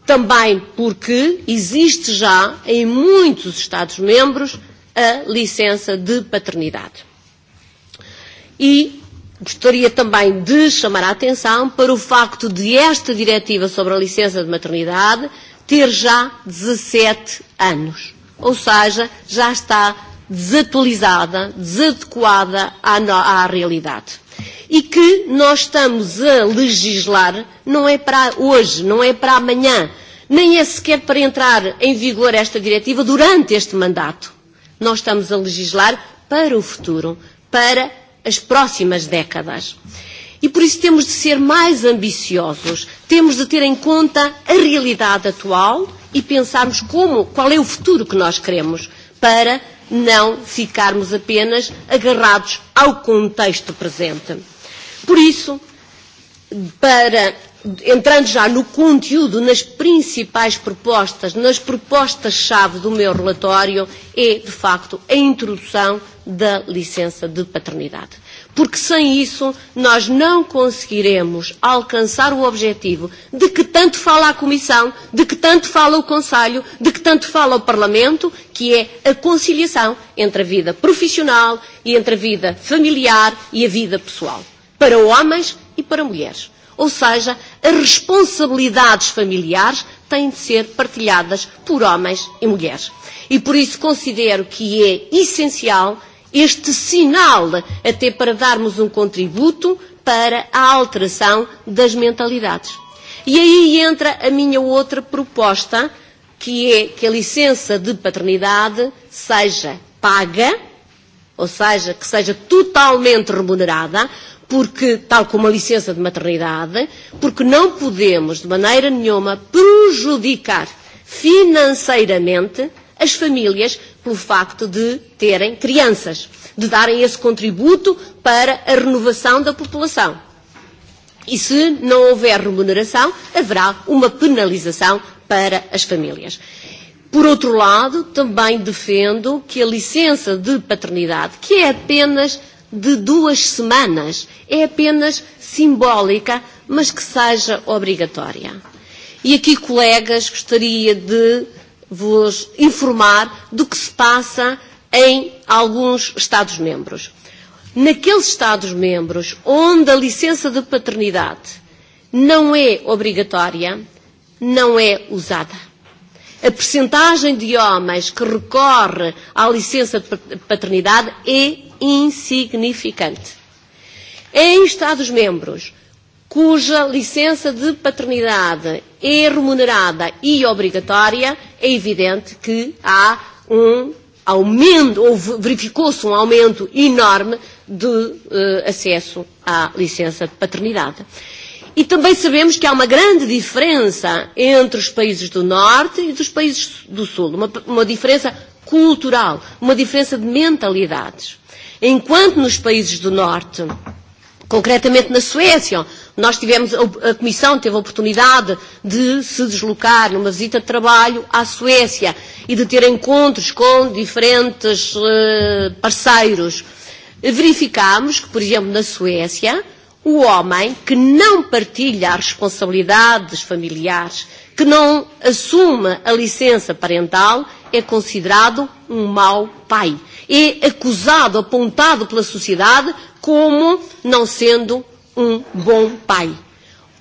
G: Também porque existe já em muitos Estados-membros a licença de paternidade. E gostaria também de chamar a atenção para o facto de esta diretiva sobre a licença de maternidade ter já 17 anos. Ou seja, já está desatualizada, desadequada à, à realidade. E que nós estamos a legislar não é para hoje, não é para amanhã, nem é sequer para entrar em vigor esta diretiva durante este mandato. Nós estamos a legislar para o futuro, para as próximas décadas. E por isso temos de ser mais ambiciosos, temos de ter em conta a realidade atual e pensarmos como, qual é o futuro que nós queremos para não ficarmos apenas agarrados ao contexto presente. Por isso, para entrando já no conteúdo, nas principais propostas, nas propostas-chave do meu relatório, é, de facto, a introdução da licença de paternidade porque sem isso nós não conseguiremos alcançar o objetivo de que tanto fala a Comissão, de que tanto fala o Conselho, de que tanto fala o Parlamento, que é a conciliação entre a vida profissional e entre a vida familiar e a vida pessoal, para homens e para mulheres. Ou seja, as responsabilidades familiares têm de ser partilhadas por homens e mulheres. E por isso considero que é essencial este sinal, até para darmos um contributo para a alteração das mentalidades. E aí entra a minha outra proposta, que é que a licença de paternidade seja paga, ou seja, que seja totalmente remunerada, porque, tal como a licença de maternidade, porque não podemos, de maneira nenhuma, prejudicar financeiramente as famílias pelo facto de terem crianças, de darem esse contributo para a renovação da população. E se não houver remuneração, haverá uma penalização para as famílias. Por outro lado, também defendo que a licença de paternidade, que é apenas de duas semanas, é apenas simbólica, mas que seja obrigatória. E aqui, colegas, gostaria de vos informar do que se passa em alguns Estados-membros. Naqueles Estados-membros onde a licença de paternidade não é obrigatória, não é usada. A percentagem de homens que recorre à licença de paternidade é insignificante. Em Estados-membros cuja licença de paternidade é remunerada e obrigatória, é evidente que há um aumento, ou verificou-se um aumento enorme de uh, acesso à licença de paternidade. E também sabemos que há uma grande diferença entre os países do Norte e dos países do Sul, uma, uma diferença cultural, uma diferença de mentalidades. Enquanto nos países do Norte, concretamente na Suécia, Nós tivemos, a Comissão teve a oportunidade de se deslocar numa visita de trabalho à Suécia e de ter encontros com diferentes parceiros. Verificámos que, por exemplo, na Suécia, o homem que não partilha as responsabilidades familiares, que não assume a licença parental, é considerado um mau pai. É acusado, apontado pela sociedade como não sendo um bom pai.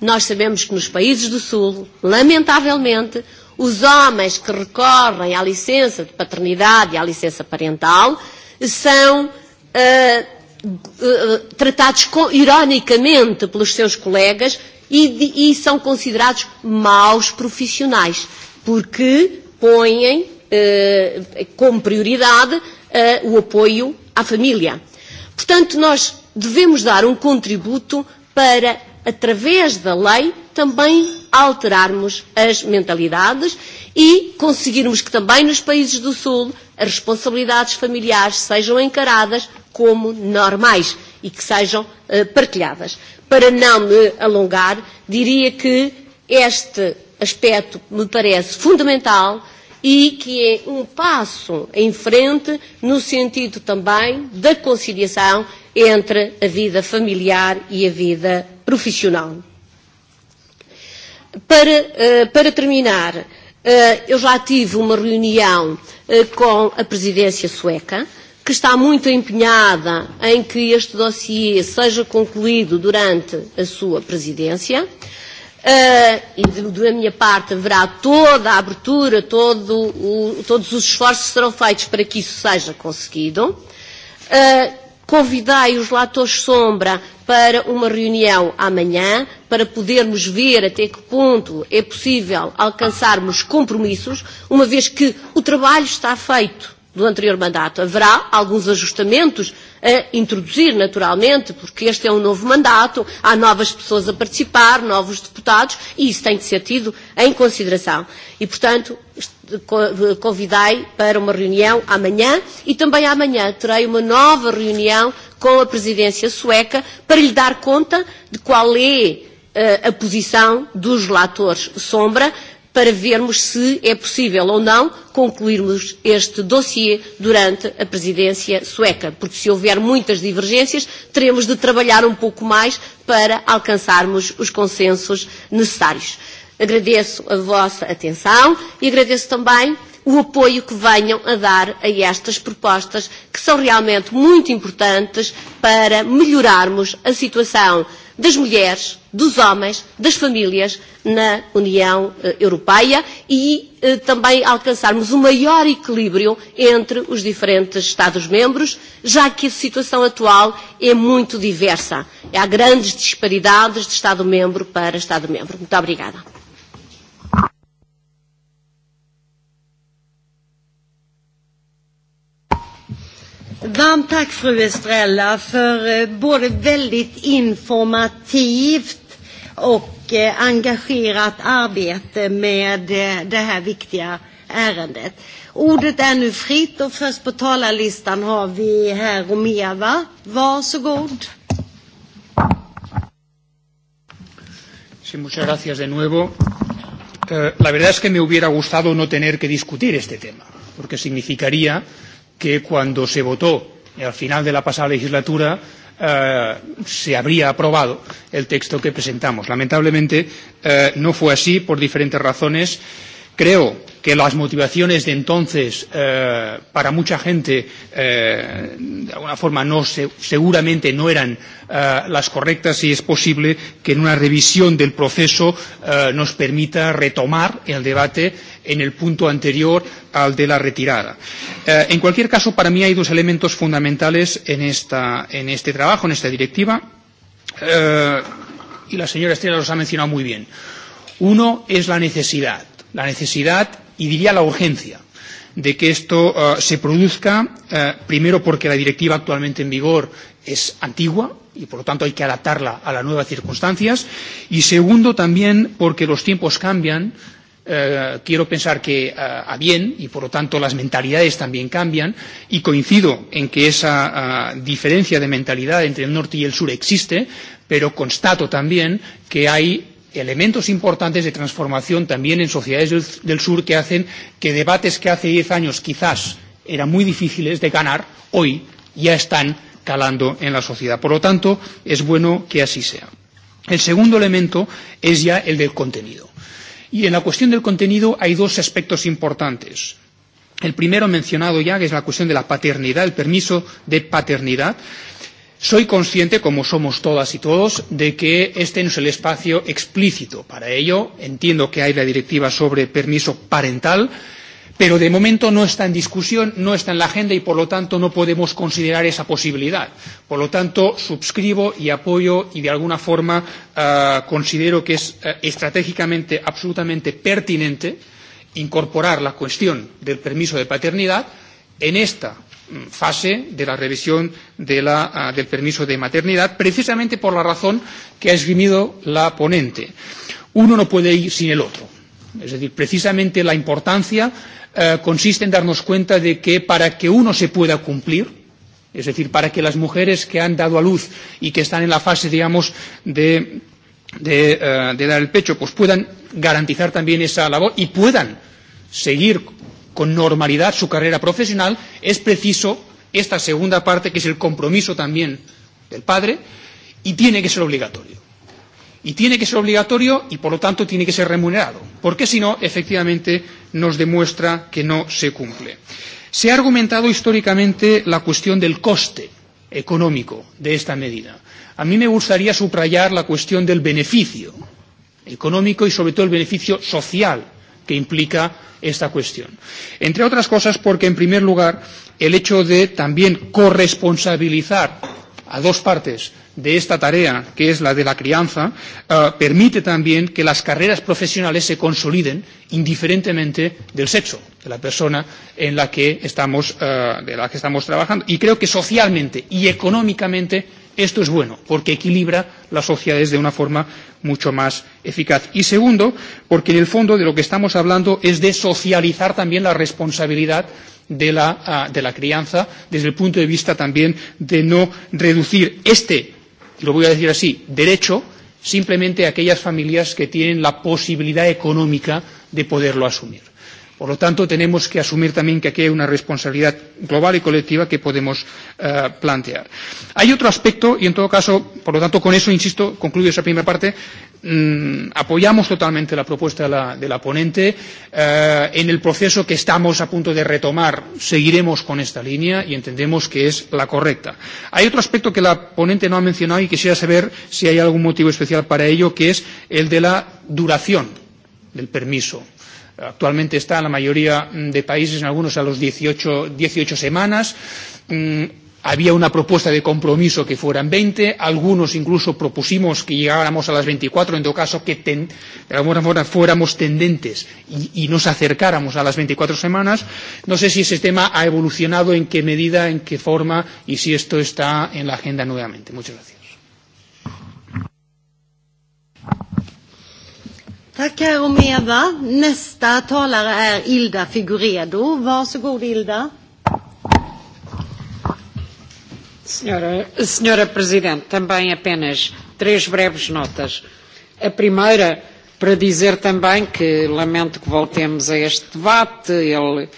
G: Nós sabemos que nos países do Sul, lamentavelmente, os homens que recorrem à licença de paternidade e à licença parental são uh, uh, tratados com, ironicamente pelos seus colegas e, e são considerados maus profissionais, porque põem uh, como prioridade uh, o apoio à família. Portanto, nós devemos dar um contributo para, através da lei, também alterarmos as mentalidades e conseguirmos que também nos países do Sul as responsabilidades familiares sejam encaradas como normais e que sejam uh, partilhadas. Para não me alongar, diria que este aspecto me parece fundamental e que é um passo em frente no sentido também da conciliação entre a vida familiar e a vida profissional. Para, para terminar, eu já tive uma reunião com a presidência sueca, que está muito empenhada em que este dossiê seja concluído durante a sua presidência. Uh, e de, da minha parte haverá toda a abertura, todo o, todos os esforços serão feitos para que isso seja conseguido. Uh, Convidei os latores sombra para uma reunião amanhã, para podermos ver até que ponto é possível alcançarmos compromissos, uma vez que o trabalho está feito do anterior mandato. Haverá alguns ajustamentos a introduzir, naturalmente, porque este é um novo mandato, há novas pessoas a participar, novos deputados, e isso tem que ser tido em consideração. E, portanto, convidei para uma reunião amanhã e também amanhã terei uma nova reunião com a presidência sueca para lhe dar conta de qual é a posição dos relatores sombra para vermos se é possível ou não concluirmos este dossiê durante a presidência sueca, porque se houver muitas divergências, teremos de trabalhar um pouco mais para alcançarmos os consensos necessários. Agradeço a vossa atenção e agradeço também o apoio que venham a dar a estas propostas, que são realmente muito importantes para melhorarmos a situação das mulheres, dos homens, das famílias na União Europeia e também alcançarmos um maior equilíbrio entre os diferentes Estados-membros, já que a situação atual é muito diversa. Há grandes disparidades de Estado-membro para Estado-membro. Muito obrigada.
A: Varmt tack fru Estrella för både väldigt informativt och engagerat arbete med det här viktiga ärendet. Ordet är nu fritt och först på talarlistan har vi herr Romeva. Varsågod.
C: Sí, muchas gracias de nuevo. Eh, la verdad es que me hubiera gustado no tener que discutir este tema, porque significaría que cuando se votó al final de la pasada legislatura se habría aprobado el texto que presentamos. Lamentablemente no fue así por diferentes razones. Eh, Creo que las motivaciones de entonces eh, para mucha gente eh, de alguna forma no se, seguramente no eran eh, las correctas y es posible que en una revisión del proceso eh, nos permita retomar el debate en el punto anterior al de la retirada. Eh, en cualquier caso, para mí hay dos elementos fundamentales en, esta, en este trabajo, en esta directiva, eh, y la señora Estrella los ha mencionado muy bien. Uno es la necesidad la necesidad y diría la urgencia de que esto uh, se produzca, uh, primero porque la directiva actualmente en vigor es antigua y por lo tanto hay que adaptarla a las nuevas circunstancias, y segundo también porque los tiempos cambian, eh, quiero pensar que eh, a bien y por lo tanto las mentalidades también cambian y coincido en que esa eh, diferencia de mentalidad entre el norte y el sur existe, pero constato también que hay elementos importantes de transformación también en sociedades del sur que hacen que debates que hace diez años quizás eran muy difíciles de ganar, hoy ya están calando en la sociedad. Por lo tanto, es bueno que así sea. El segundo elemento es ya el del contenido. Y en la cuestión del contenido hay dos aspectos importantes. El primero mencionado ya, que es la cuestión de la paternidad, el permiso de paternidad Soy consciente, como somos todas y todos, de que este no es el espacio explícito para ello. Entiendo que hay la directiva sobre permiso parental, pero de momento no está en discusión, no está en la agenda y, por lo tanto, no podemos considerar esa posibilidad. Por lo tanto, suscribo y apoyo y, de alguna forma, considero que es estratégicamente absolutamente pertinente incorporar la cuestión del permiso de paternidad en esta fase de la revisión de la, del permiso de maternidad, precisamente por la razón que ha esgrimido la ponente. Uno no puede ir sin el otro. Es decir, precisamente la importancia uh, consiste en darnos cuenta de que para que uno se pueda cumplir, es decir, para que las mujeres que han dado a luz y que están en la fase, digamos, de, de, uh, de dar el pecho, pues puedan garantizar también esa labor y puedan seguir con normalidad su carrera profesional, es preciso esta segunda parte, que es el compromiso también del padre, y tiene que ser obligatorio. Y tiene que ser obligatorio y, por lo tanto, tiene que ser remunerado, porque si no, efectivamente, nos demuestra que no se cumple. Se ha argumentado históricamente la cuestión del coste económico de esta medida. A mí me gustaría subrayar la cuestión del beneficio económico y, sobre todo, el beneficio social que implica esta cuestión. Entre otras cosas, porque en primer lugar, el hecho de también corresponsabilizar a dos partes de esta tarea, que es la de la crianza, eh, permite también que las carreras profesionales se consoliden indiferentemente del sexo de la persona en la que estamos, eh, de la que estamos trabajando. Y creo que socialmente y económicamente Esto es bueno, porque equilibra las sociedades de una forma mucho más eficaz. Y segundo, porque en el fondo de lo que estamos hablando es de socializar también la responsabilidad de la, de la crianza desde el punto de vista también de no reducir este, lo voy a decir así, derecho simplemente a aquellas familias que tienen la posibilidad económica de poderlo asumir Por lo tanto, tenemos que asumir también que aquí hay una responsabilidad global y colectiva que podemos eh, plantear. Hay otro aspecto, y en todo caso, por lo tanto, con eso, insisto, concluyo esa primera parte, mmm, apoyamos totalmente la propuesta de la, de la ponente. Eh, en el proceso que estamos a punto de retomar, seguiremos con esta línea y entendemos que es la correcta. Hay otro aspecto que la ponente no ha mencionado y quisiera saber si hay algún motivo especial para ello, que es el de la duración del permiso Actualmente está en la mayoría de países, en algunos a los 18, 18 semanas. Había una propuesta de compromiso que fueran 20, algunos incluso propusimos que llegáramos a las 24, en todo caso que ten, de alguna forma fuéramos tendentes y, y nos acercáramos a las 24 semanas. No sé si ese tema ha evolucionado, en qué medida, en qué forma y si esto está en la agenda nuevamente. Muchas gracias.
A: Tack Nästa talare är Ilda Figuredo. Varsågod Ilda.
F: Senhora, senhora Presidente, também apenas três breves notas. A primeira, para dizer também que lamento que voltemos a este debate, ele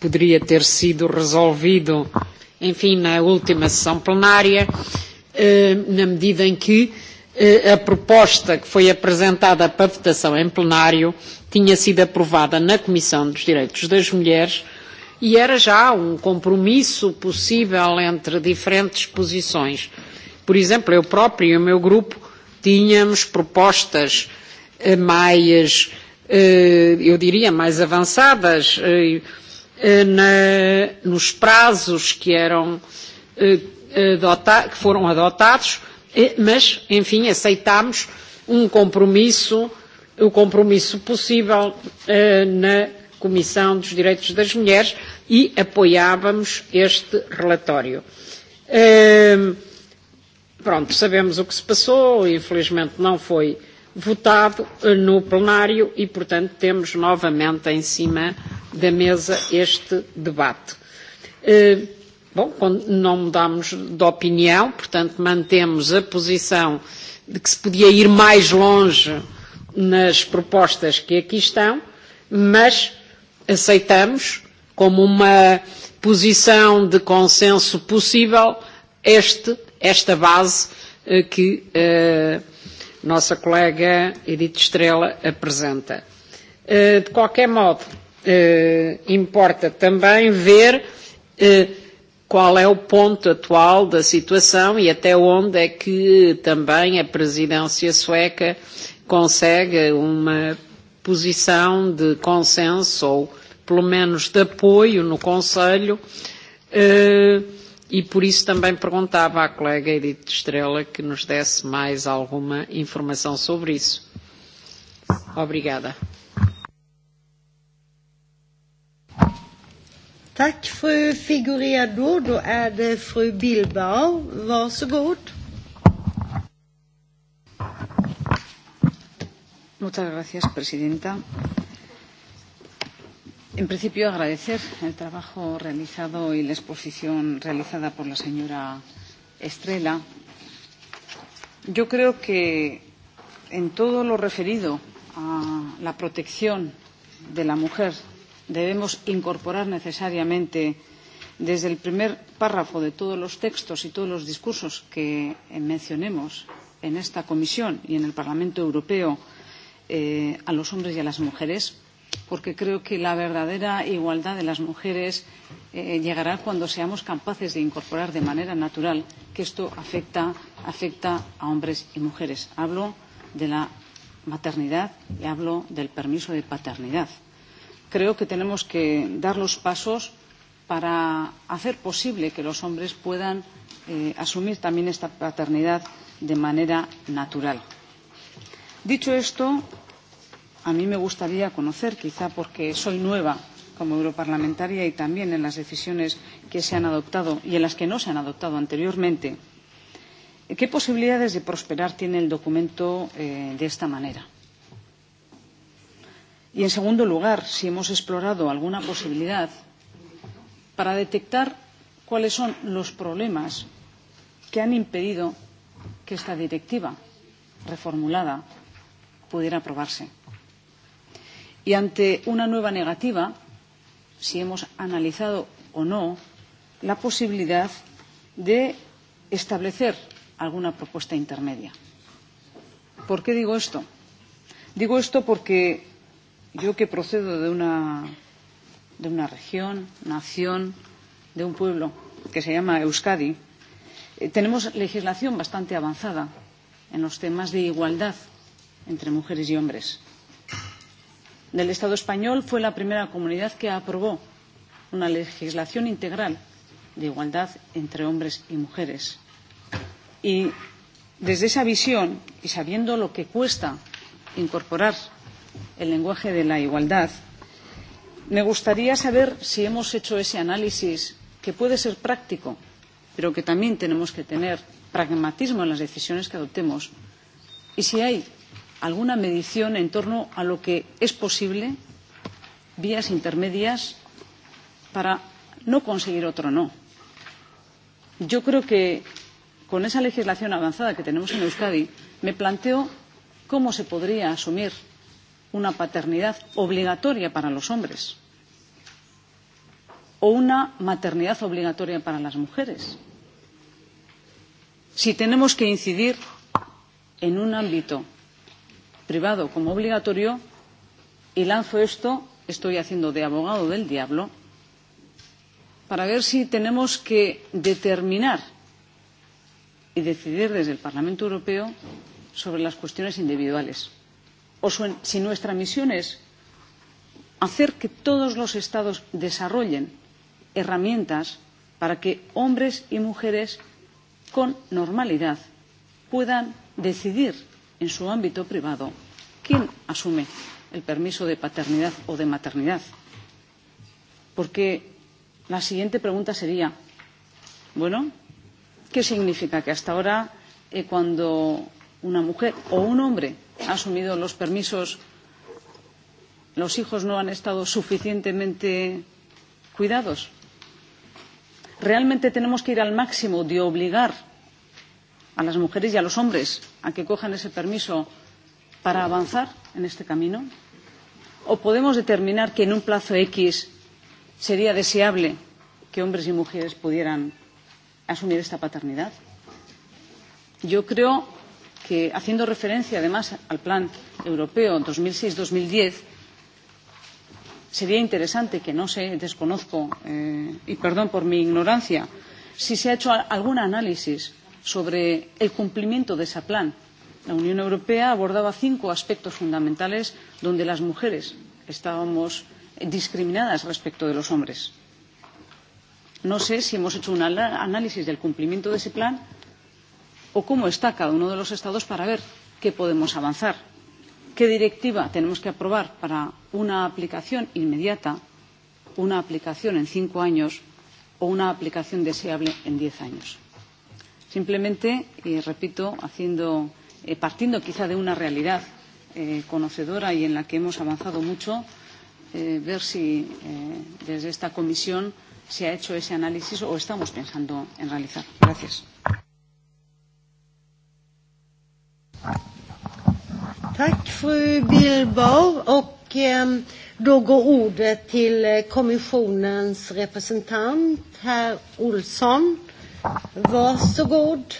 F: poderia ter sido resolvido, enfim, na última sessão plenária, na medida em que a proposta que foi apresentada para votação em plenário tinha sido aprovada na Comissão dos Direitos das Mulheres e era já um compromisso possível entre diferentes posições. Por exemplo, eu próprio e o meu grupo tínhamos propostas mais, eu diria, mais avançadas nos prazos que eram que foram adotados mas, enfim, aceitámos um compromisso, o compromisso possível na Comissão dos Direitos das Mulheres e apoiávamos este relatório. Pronto, sabemos o que se passou, infelizmente não foi votado no plenário e, portanto, temos novamente em cima da mesa este debate. Bom, não mudamos de opinião, portanto mantemos a posição de que se podia ir mais longe nas propostas que aqui estão, mas aceitamos como uma posição de consenso possível este, esta base que a nossa colega Edith Estrela apresenta. De qualquer modo, importa também ver qual é o ponto atual da situação e até onde é que também a presidência sueca consegue uma posição de consenso ou pelo menos de apoio no Conselho e por isso também perguntava à colega Edith Estrela que nos desse mais alguma informação sobre isso.
A: Obrigada. Tack fru Figuredo. Då är det fru Bilbao. Varsågod.
E: Muchas gracias, presidenta. En principio, agradecer el trabajo realizado y la exposición realizada por la señora Estrela. Yo creo que en todo lo referido a la protección de la mujer debemos incorporar necesariamente desde el primer párrafo de todos los textos y todos los discursos que mencionemos en esta comisión y en el Parlamento Europeo a los hombres y a las mujeres, porque creo que la verdadera igualdad de las mujeres llegará cuando seamos capaces de incorporar de manera natural que esto afecta, a hombres y mujeres. Hablo de la maternidad y hablo del permiso de paternidad creo que tenemos que dar los pasos para hacer posible que los hombres puedan eh, asumir también esta paternidad de manera natural. Dicho esto, a mí me gustaría conocer, quizá porque soy nueva como europarlamentaria y también en las decisiones que se han adoptado y en las que no se han adoptado anteriormente, ¿qué posibilidades de prosperar tiene el documento eh, de esta manera? Y, en segundo lugar, si hemos explorado alguna posibilidad para detectar cuáles son los problemas que han impedido que esta directiva reformulada pudiera aprobarse. Y ante una nueva negativa, si hemos analizado o no la posibilidad de establecer alguna propuesta intermedia. ¿Por qué digo esto? Digo esto porque Yo que procedo de una, de una región, nación, de un pueblo que se llama Euskadi, eh, tenemos legislación bastante avanzada en los temas de igualdad entre mujeres y hombres. Del Estado español fue la primera comunidad que aprobó una legislación integral de igualdad entre hombres y mujeres. Y desde esa visión y sabiendo lo que cuesta incorporar el lenguaje de la igualdad, me gustaría saber si hemos hecho ese análisis que puede ser práctico, pero que también tenemos que tener pragmatismo en las decisiones que adoptemos, y si hay alguna medición en torno a lo que es posible, vías intermedias para no conseguir otro no. Yo creo que con esa legislación avanzada que tenemos en Euskadi, me planteo cómo se podría asumir una paternidad obligatoria para los hombres o una maternidad obligatoria para las mujeres. Si tenemos que incidir en un ámbito privado como obligatorio, y lanzo esto, estoy haciendo de abogado del diablo, para ver si tenemos que determinar y decidir desde el Parlamento Europeo sobre las cuestiones individuales o si nuestra misión es hacer que todos los Estados desarrollen herramientas para que hombres y mujeres con normalidad puedan decidir en su ámbito privado quién asume el permiso de paternidad o de maternidad. Porque la siguiente pregunta sería, bueno, ¿qué significa que hasta ahora cuando una mujer o un hombre ha asumido los permisos, los hijos no han estado suficientemente cuidados. Realmente tenemos que ir al máximo de obligar a las mujeres y a los hombres a que cojan ese permiso para avanzar en este camino? ¿O podemos determinar que en un plazo X sería deseable que hombres y mujeres pudieran asumir esta paternidad? Yo creo que, haciendo referencia además al Plan Europeo dos mil seis dos mil diez, sería interesante que no sé, desconozco, y perdón por mi ignorancia, si se ha hecho algún análisis sobre el cumplimiento de ese plan. La Unión Europea abordaba cinco aspectos fundamentales donde las mujeres estábamos discriminadas respecto de los hombres. No sé si hemos hecho un análisis del cumplimiento de ese plan o cómo está cada uno de los Estados para ver qué podemos avanzar. ¿Qué directiva tenemos que aprobar para una aplicación inmediata, una aplicación en cinco años o una aplicación deseable en diez años? Simplemente, y repito, haciendo, eh, partiendo quizá de una realidad eh, conocedora y en la que hemos avanzado mucho, eh, ver si eh, desde esta comisión se ha hecho ese análisis o estamos pensando en realizar. Gracias. Tack fru Bilbao
A: och då går ordet till kommissionens representant herr Olsson. Varsågod.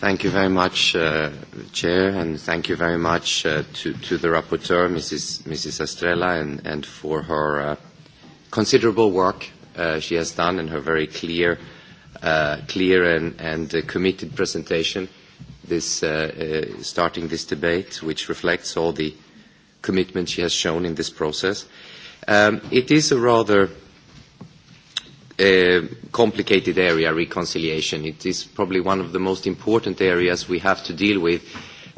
I: Thank you very much, uh, Chair, and thank you very much uh, to, to the rapporteur, Mrs. Mrs. Estrella, and, and for her uh, considerable work she has done and her very clear, uh, clear and, and uh, committed presentation this, uh, uh, starting this debate, which reflects all the commitment she has shown in this process. Um, it is a rather uh, complicated area, reconciliation. It is probably one of the most important areas we have to deal with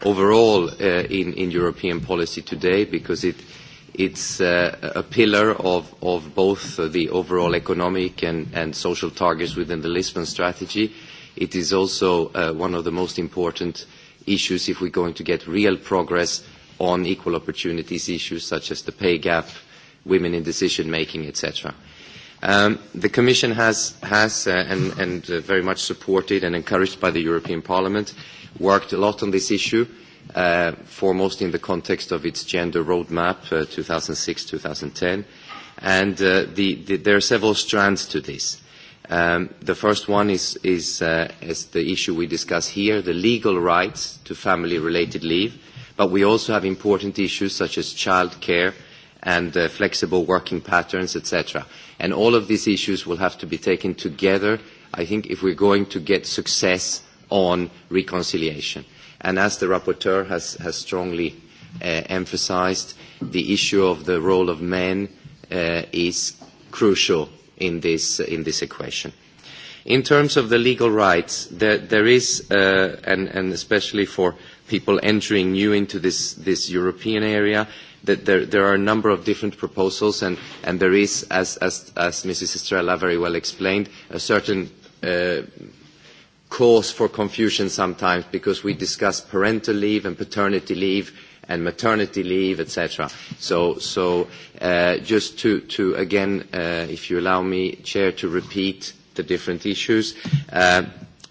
I: overall uh, in, in European policy today because it – It's uh, a pillar of, of both the overall economic and, and social targets within the Lisbon strategy. It is also uh, one of the most important issues if we're going to get real progress on equal opportunities issues such as the pay gap, women in decision making, etc. Um, the Commission has, has uh, and, and uh, very much supported and encouraged by the European Parliament, worked a lot on this issue uh, foremost in the context of its gender roadmap 2006-2010. And uh, the, the, there are several strands to this. Um, the first one is, is, uh, is the issue we discuss here, the legal rights to family-related leave. But we also have important issues such as child care and uh, flexible working patterns, etc. And all of these issues will have to be taken together, I think, if we're going to get success on reconciliation And as the rapporteur has, has strongly uh, emphasized, the issue of the role of men uh, is crucial in this, in this equation. In terms of the legal rights, there, there is, uh, and, and especially for people entering new into this, this European area, that there, there are a number of different proposals, and, and there is, as, as, as Mrs. Estrella very well explained, a certain uh, cause for confusion sometimes because we discuss parental leave and paternity leave and maternity leave, etc. So, so uh, just to, to again, uh, if you allow me, Chair, to repeat the different issues, uh,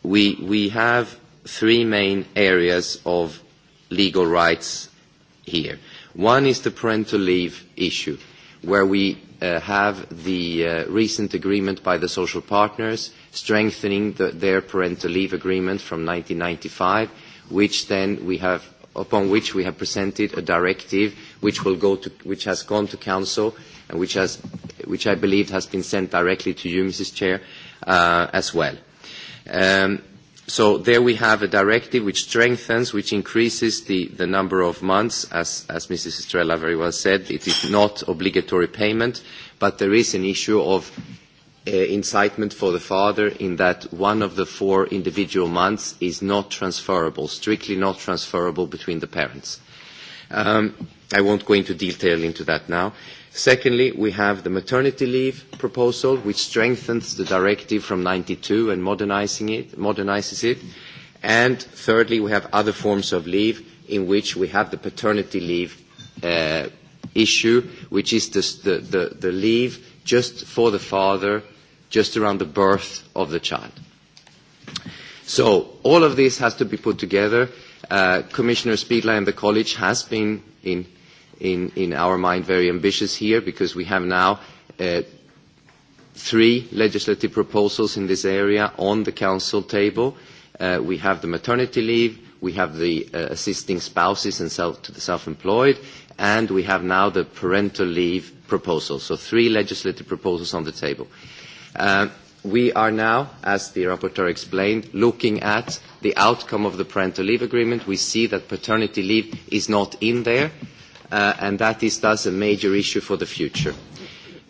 I: we, we have three main areas of legal rights here. One is the parental leave issue, where we have the recent agreement by the social partners strengthening their parental leave agreement from ninety five, which then we have upon which we have presented a directive which will go to which has gone to council and which has which I believe has been sent directly to you, Mrs. Chair, as well. Um, So there we have a directive which strengthens, which increases the, the number of months, as, as Mrs. Estrella very well said. It is not obligatory payment, but there is an issue of uh, incitement for the father in that one of the four individual months is not transferable, strictly not transferable between the parents. Um, I won't go into detail into that now. Secondly, we have the maternity leave proposal, which strengthens the directive from 92 and modernizing it, modernizes it. And thirdly, we have other forms of leave in which we have the paternity leave uh, issue, which is the, the, the leave just for the father, just around the birth of the child. So all of this has to be put together. Uh, Commissioner Spiegler and the college has been in in, in our mind, very ambitious here because we have now uh, three legislative proposals in this area on the Council table. Uh, we have the maternity leave, we have the uh, assisting spouses and self, to the self-employed, and we have now the parental leave proposal. So three legislative proposals on the table. Uh, we are now, as the rapporteur explained, looking at the outcome of the parental leave agreement. We see that paternity leave is not in there uh, and that is thus a major issue for the future.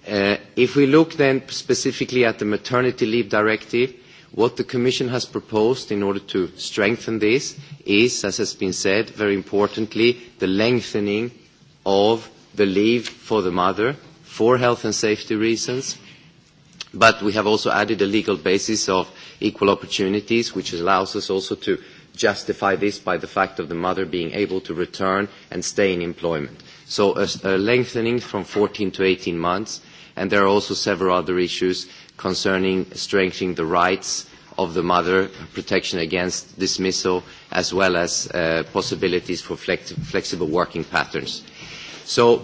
I: Uh, if we look then specifically at the maternity leave directive, What the Commission has proposed in order to strengthen this is, as has been said, very importantly, the lengthening of the leave for the mother for health and safety reasons. But we have also added a legal basis of equal opportunities, which allows us also to justify this by the fact of the mother being able to return and stay in employment. So a, a lengthening from 14 to 18 months, and there are also several other issues concerning strengthening the rights of the mother, protection against dismissal, as well as uh, possibilities for flex- flexible working patterns. So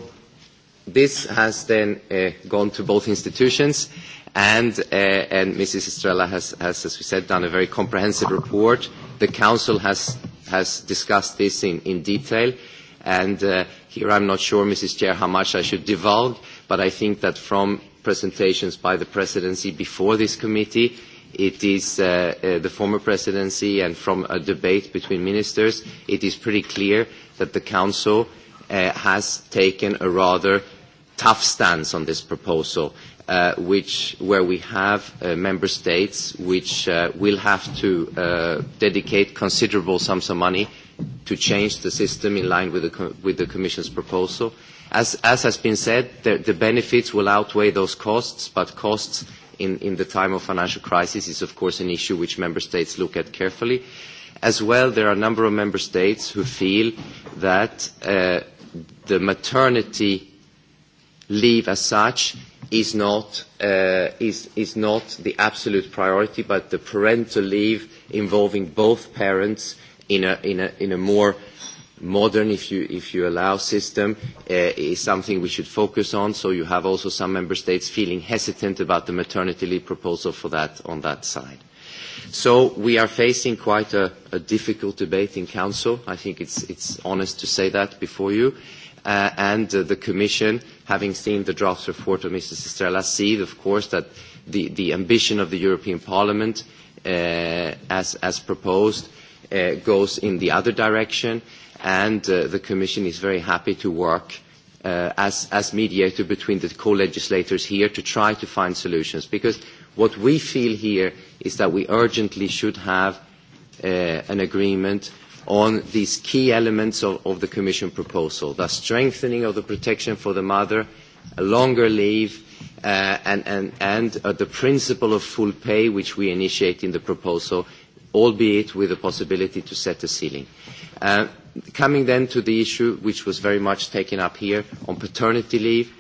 I: This has then uh, gone to both institutions, and, uh, and Mrs. Estrella has, has, as we said, done a very comprehensive report. The Council has, has discussed this in, in detail, and uh, here I'm not sure, Mrs. Chair, how much I should divulge, but I think that from presentations by the Presidency before this committee, it is uh, uh, the former presidency and from a debate between ministers, it is pretty clear that the Council uh, has taken a rather tough stance on this proposal, uh, which, where we have uh, member states which uh, will have to uh, dedicate considerable sums of money to change the system in line with the, with the Commission's proposal. As, as has been said, the, the benefits will outweigh those costs, but costs in, in the time of financial crisis is, of course, an issue which member states look at carefully. As well, there are a number of member states who feel that uh, the maternity leave as such is not, uh, is, is not the absolute priority, but the parental leave involving both parents in a, in a, in a more modern, if you, if you allow, system uh, is something we should focus on. So you have also some member states feeling hesitant about the maternity leave proposal for that on that side. So we are facing quite a, a difficult debate in Council. I think it's, it's honest to say that before you. Uh, and the Commission, having seen the draft report of Mrs. Estrela, see, of course, that the, the ambition of the European Parliament, as, as proposed, goes in the other direction, and the Commission is very happy to work as, as mediator between the co-legislators here to try to find solutions. Because what we feel here is that we urgently should have an agreement on these key elements of, of the Commission proposal, the strengthening of the protection for the mother, a longer leave, uh, and, and, and uh, the principle of full pay, which we initiate in the proposal, albeit with the possibility to set a ceiling. Uh, coming then to the issue which was very much taken up here on paternity leave,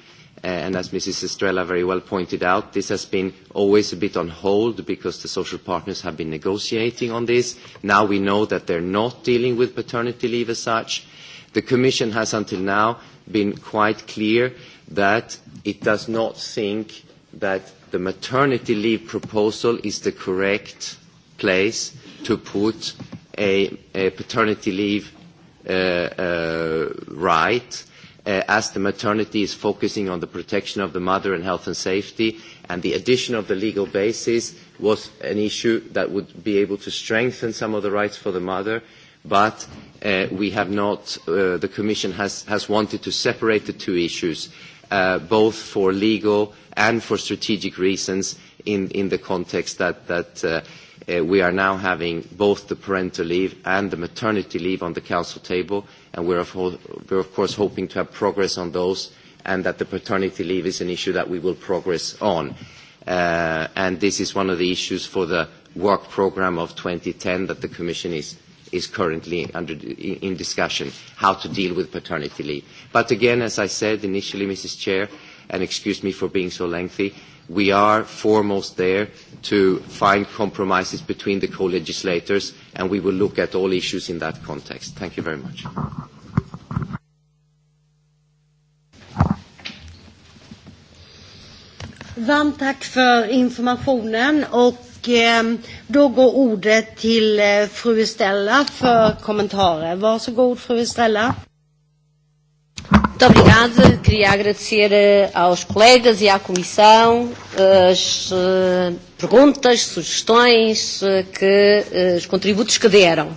I: and as Mrs. Estrela very well pointed out, this has been always a bit on hold because the social partners have been negotiating on this. Now we know that they're not dealing with paternity leave as such. The Commission has until now been quite clear that it does not think that the maternity leave proposal is the correct place to put a, paternity leave right as the maternity is focusing on the protection of the mother and health and safety, and the addition of the legal basis was an issue that would be able to strengthen some of the rights for the mother, but we have not, the Commission has, has wanted to separate the two issues, both for legal and for strategic reasons in, in the context that, that we are now having both the parental leave and the maternity leave on the council table, and we're of, of course hoping to have progress on those, and that the paternity leave is an issue that we will progress on. and this is one of the issues for the work programme of 2010 that the Commission is, is currently under, in discussion, how to deal with paternity leave. But again, as I said initially, Mrs. Chair, and excuse me for being so lengthy, we are foremost there to find compromises between the co-legislators, and we will look at all issues in that context. Thank you very much.
A: Varmt tack för informationen och då går ordet till fru för kommentarer. Varsågod fru Estella.
G: Muito obrigada. Queria agradecer aos colegas e à Comissão as perguntas, sugestões, que, os contributos que deram.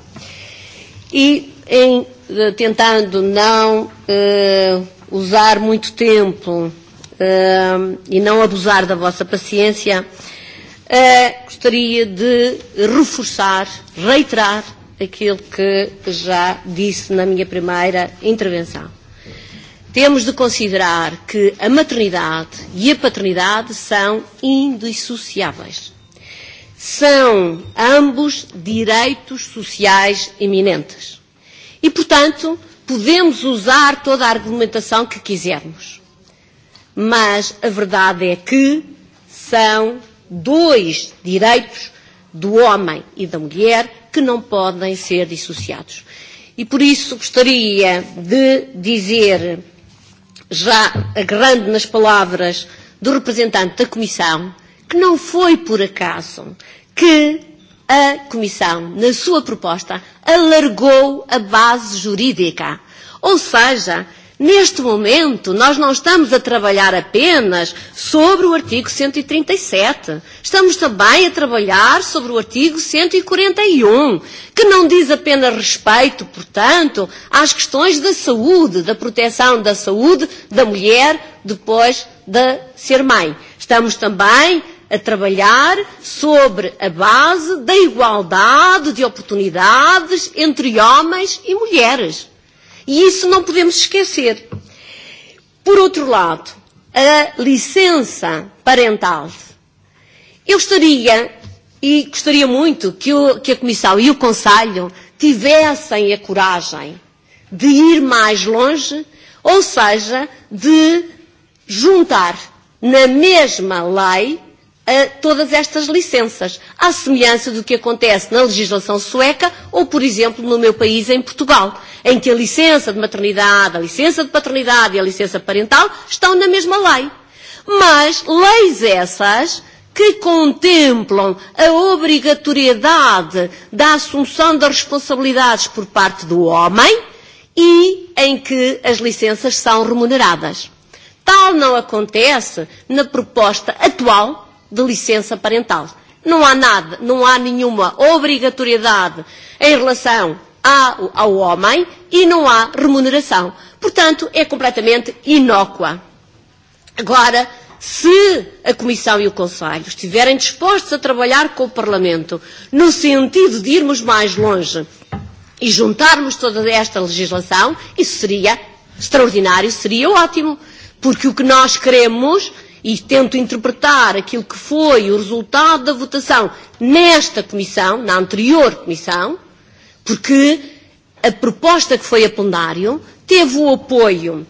G: E em, tentando não usar muito tempo e não abusar da vossa paciência, gostaria de reforçar, reiterar aquilo que já disse na minha primeira intervenção Temos de considerar que a maternidade e a paternidade são indissociáveis. São ambos direitos sociais eminentes. E, portanto, podemos usar toda a argumentação que quisermos. Mas a verdade é que são dois direitos do homem e da mulher que não podem ser dissociados. E por isso gostaria de dizer já agarrando nas palavras do representante da Comissão, que não foi por acaso que a Comissão, na sua proposta, alargou a base jurídica. Ou seja, Neste momento, nós não estamos a trabalhar apenas sobre o artigo 137. Estamos também a trabalhar sobre o artigo 141, que não diz apenas respeito, portanto, às questões da saúde, da proteção da saúde da mulher depois de ser mãe. Estamos também a trabalhar sobre a base da igualdade de oportunidades entre homens e mulheres. E isso não podemos esquecer. Por outro lado, a licença parental. Eu gostaria, e gostaria muito, que, o, que a Comissão e o Conselho tivessem a coragem de ir mais longe, ou seja, de juntar na mesma lei a todas estas licenças, à semelhança do que acontece na legislação sueca ou, por exemplo, no meu país, em Portugal, em que a licença de maternidade, a licença de paternidade e a licença parental estão na mesma lei. Mas leis essas que contemplam a obrigatoriedade da assunção das responsabilidades por parte do homem e em que as licenças são remuneradas. Tal não acontece na proposta atual de licença parental. Não há nada, não há nenhuma obrigatoriedade em relação ao, ao homem e não há remuneração. Portanto, é completamente inócua. Agora, se a Comissão e o Conselho estiverem dispostos a trabalhar com o Parlamento no sentido de irmos mais longe e juntarmos toda esta legislação, isso seria extraordinário, seria ótimo. Porque o que nós queremos e tento interpretar aquilo que foi o resultado da votação nesta comissão, na anterior comissão, porque a proposta que foi a plenário teve o apoio,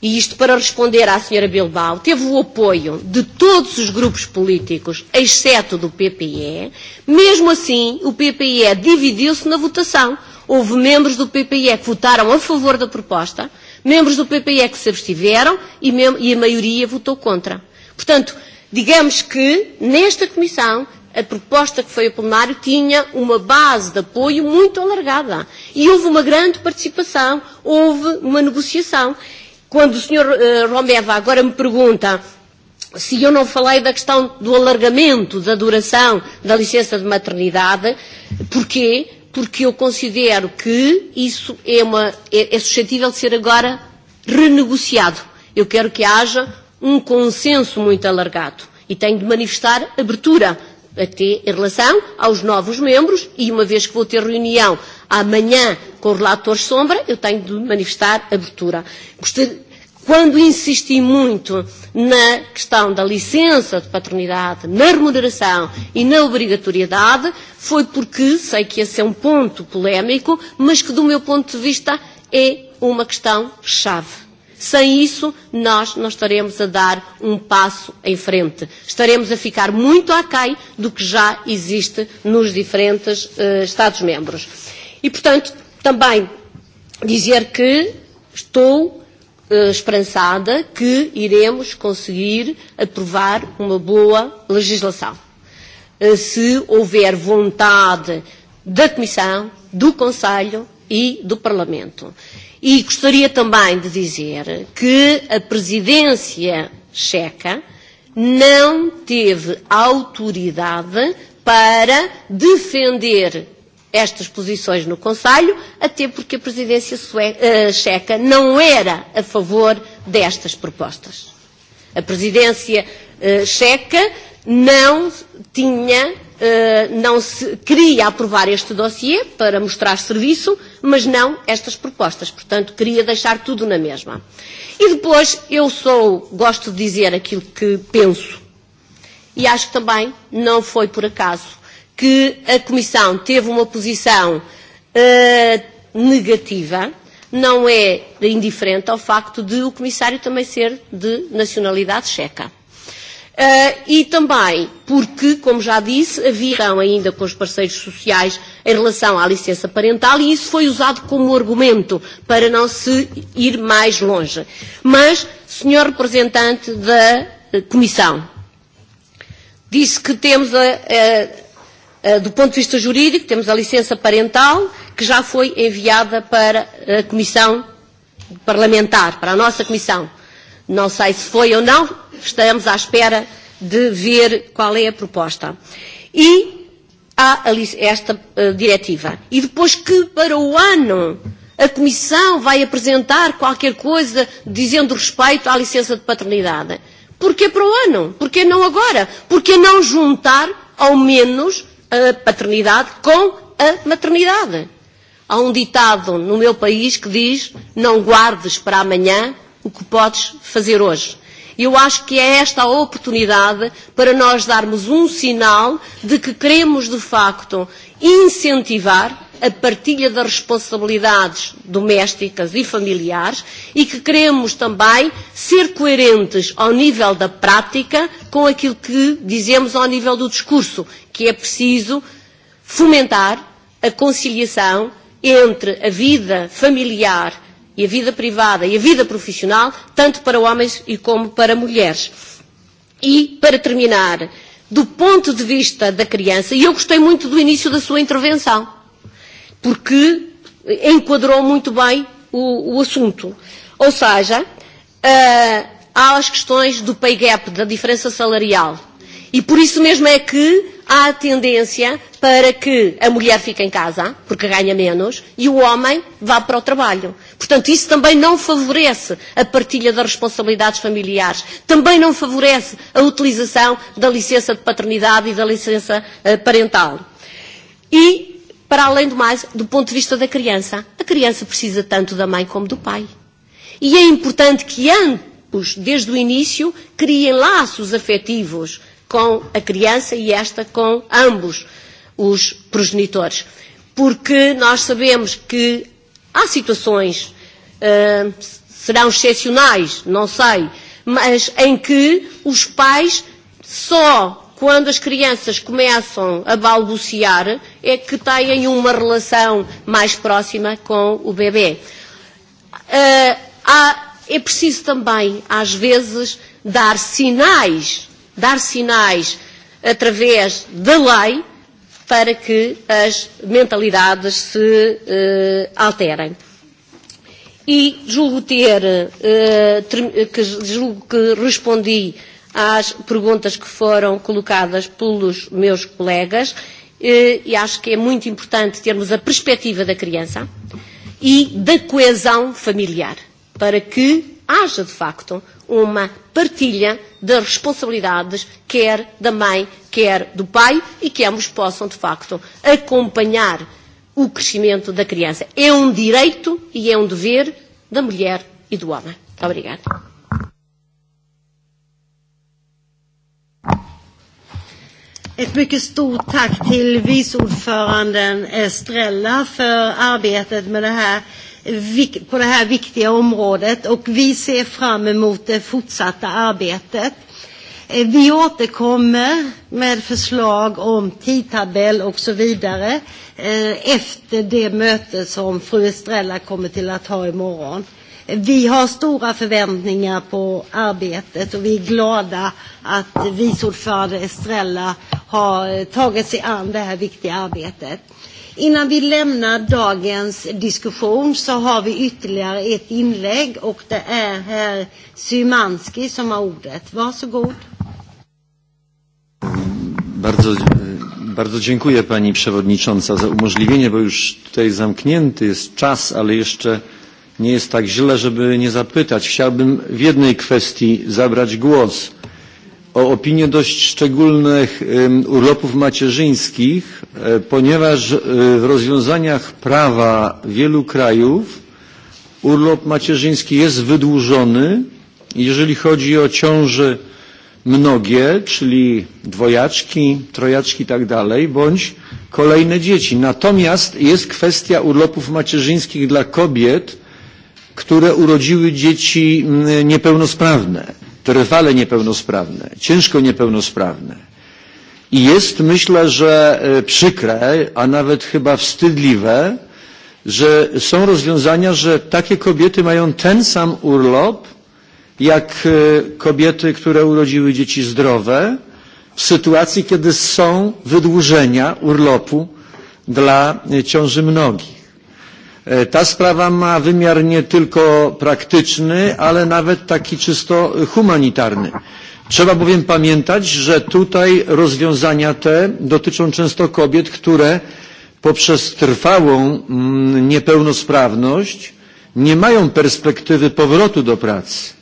G: e isto para responder à senhora Bilbao, teve o apoio de todos os grupos políticos, exceto do PPE. Mesmo assim, o PPE dividiu-se na votação. Houve membros do PPE que votaram a favor da proposta, Membros do PPE que se abstiveram e, e a maioria votou contra. Portanto, digamos que nesta comissão a proposta que foi a plenário tinha uma base de apoio muito alargada. E houve uma grande participação, houve uma negociação. Quando o Sr. Romeva agora me pergunta se eu não falei da questão do alargamento da duração da licença de maternidade, porquê? porque eu considero que isso é, uma, é, é suscetível de ser agora renegociado. Eu quero que haja um consenso muito alargado e tenho de manifestar abertura até em relação aos novos membros e uma vez que vou ter reunião amanhã com o relator sombra, eu tenho de manifestar abertura. Gostaria, quando insisti muito na questão da licença de paternidade, na remuneração e na obrigatoriedade, foi porque, sei que esse é um ponto polémico, mas que do meu ponto de vista é uma questão chave. Sem isso, nós não estaremos a dar um passo em frente. Estaremos a ficar muito aquém do que já existe nos diferentes uh, Estados-membros. E, portanto, também dizer que estou esperançada que iremos conseguir aprovar uma boa legislação. Se houver vontade da Comissão, do Conselho e do Parlamento. E gostaria também de dizer que a presidência checa não teve autoridade para defender estas posições no Conselho, até porque a presidência checa não era a favor destas propostas. A presidência checa não tinha, não se queria aprovar este dossiê para mostrar serviço, mas não estas propostas. Portanto, queria deixar tudo na mesma. E depois eu sou, gosto de dizer aquilo que penso. E acho que também não foi por acaso que a Comissão teve uma posição uh, negativa, não é indiferente ao facto de o Comissário também ser de nacionalidade checa. Uh, e também porque, como já disse, haverão ainda com os parceiros sociais em relação à licença parental e isso foi usado como argumento para não se ir mais longe. Mas, senhor representante da Comissão, disse que temos a, do ponto de vista jurídico, temos a licença parental, que já foi enviada para a Comissão Parlamentar, para a nossa Comissão. Não sei se foi ou não, estamos à espera de ver qual é a proposta. E há esta diretiva. E depois que para o ano a Comissão vai apresentar qualquer coisa dizendo respeito à licença de paternidade. Porquê para o ano? Porquê não agora? Porquê não juntar, ao menos, a paternidade com a maternidade. Há um ditado no meu país que diz: não guardes para amanhã o que podes fazer hoje. Eu acho que é esta a oportunidade para nós darmos um sinal de que queremos, de facto, incentivar a partilha das responsabilidades domésticas e familiares e que queremos também ser coerentes ao nível da prática com aquilo que dizemos ao nível do discurso que é preciso fomentar a conciliação entre a vida familiar e a vida privada e a vida profissional, tanto para homens e como para mulheres. E, para terminar, do ponto de vista da criança, e eu gostei muito do início da sua intervenção, porque enquadrou muito bem o, o assunto. Ou seja, uh, há as questões do pay gap, da diferença salarial E por isso mesmo é que há a tendência para que a mulher fique em casa, porque ganha menos, e o homem vá para o trabalho. Portanto, isso também não favorece a partilha das responsabilidades familiares, também não favorece a utilização da licença de paternidade e da licença parental. E, para além do mais, do ponto de vista da criança, a criança precisa tanto da mãe como do pai. E é importante que ambos, desde o início, criem laços afetivos com a criança e esta com ambos os progenitores. Porque nós sabemos que há situações, uh, serão excepcionais, não sei, mas em que os pais só quando as crianças começam a balbuciar é que têm uma relação mais próxima com o bebê. Uh, há, é preciso também, às vezes, dar sinais dar sinais através da lei para que as mentalidades se uh, alterem. E julgo ter, uh, que, julgo que respondi às perguntas que foram colocadas pelos meus colegas e acho que é muito importante termos a perspectiva da criança e da coesão familiar, para que haja, de facto, uma partilha de responsabilidades, quer da mãe, quer do pai, e que ambos possam, de facto, acompanhar o crescimento da criança. É um direito e é um dever da mulher e do homem. Muito obrigada.
A: Ett mycket stort tack till vice ordföranden Estrella för arbetet med det här på det här viktiga området och vi ser fram emot det fortsatta arbetet. Vi återkommer med förslag om tidtabell och så vidare efter det möte som fru Estrella kommer till att ha imorgon. Vi har stora förväntningar på arbetet och vi är glada att vice ordförande Estrella har tagit sig an det här viktiga arbetet. Innan vi lämnar dagens diskussion så har vi ytterligare ett inlägg och det är herr Symanski som har ordet. Varsågod.
H: Bardzo, bardzo dziękuję Pani Przewodnicząca za umożliwienie, bo już tutaj zamknięty jest czas, ale jeszcze nie jest tak źle, żeby nie zapytać. Chciałbym w jednej kwestii zabrać głos o opinię dość szczególnych urlopów macierzyńskich, ponieważ w rozwiązaniach prawa wielu krajów urlop macierzyński jest wydłużony, jeżeli chodzi o ciąże mnogie, czyli dwojaczki, trojaczki i tak dalej, bądź kolejne dzieci. Natomiast jest kwestia urlopów macierzyńskich dla kobiet, które urodziły dzieci niepełnosprawne trwale niepełnosprawne, ciężko niepełnosprawne. I jest, myślę, że przykre, a nawet chyba wstydliwe, że są rozwiązania, że takie kobiety mają ten sam urlop, jak kobiety, które urodziły dzieci zdrowe, w sytuacji, kiedy są wydłużenia urlopu dla ciąży mnogich. Ta sprawa ma wymiar nie tylko praktyczny, ale nawet taki czysto humanitarny. Trzeba bowiem pamiętać, że tutaj rozwiązania te dotyczą często kobiet, które poprzez trwałą niepełnosprawność nie mają perspektywy powrotu do pracy.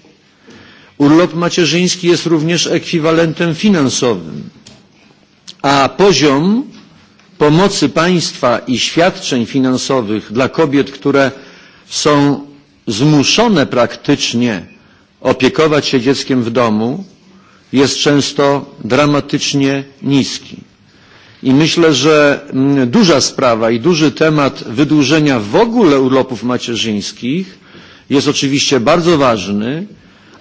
H: Urlop macierzyński jest również ekwiwalentem finansowym, a poziom pomocy państwa i świadczeń finansowych dla kobiet, które są zmuszone praktycznie opiekować się dzieckiem w domu, jest często dramatycznie niski. I myślę, że duża sprawa i duży temat wydłużenia w ogóle urlopów macierzyńskich jest oczywiście bardzo ważny,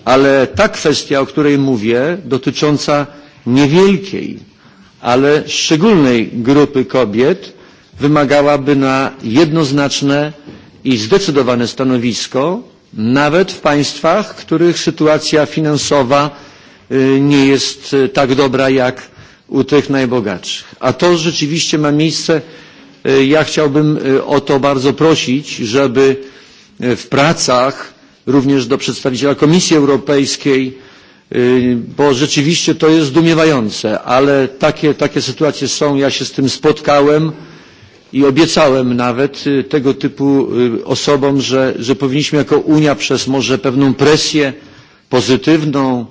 H: ale ta kwestia, o której mówię, dotycząca niewielkiej ale szczególnej grupy kobiet wymagałaby na jednoznaczne i zdecydowane stanowisko, nawet w państwach, których sytuacja finansowa nie jest tak dobra jak u tych najbogatszych. A to rzeczywiście ma miejsce. Ja chciałbym o to bardzo prosić, żeby w pracach również do przedstawiciela Komisji Europejskiej bo rzeczywiście to jest zdumiewające, ale takie, takie sytuacje są, ja się z tym spotkałem i obiecałem nawet tego typu osobom, że, że powinniśmy jako Unia przez może pewną presję pozytywną,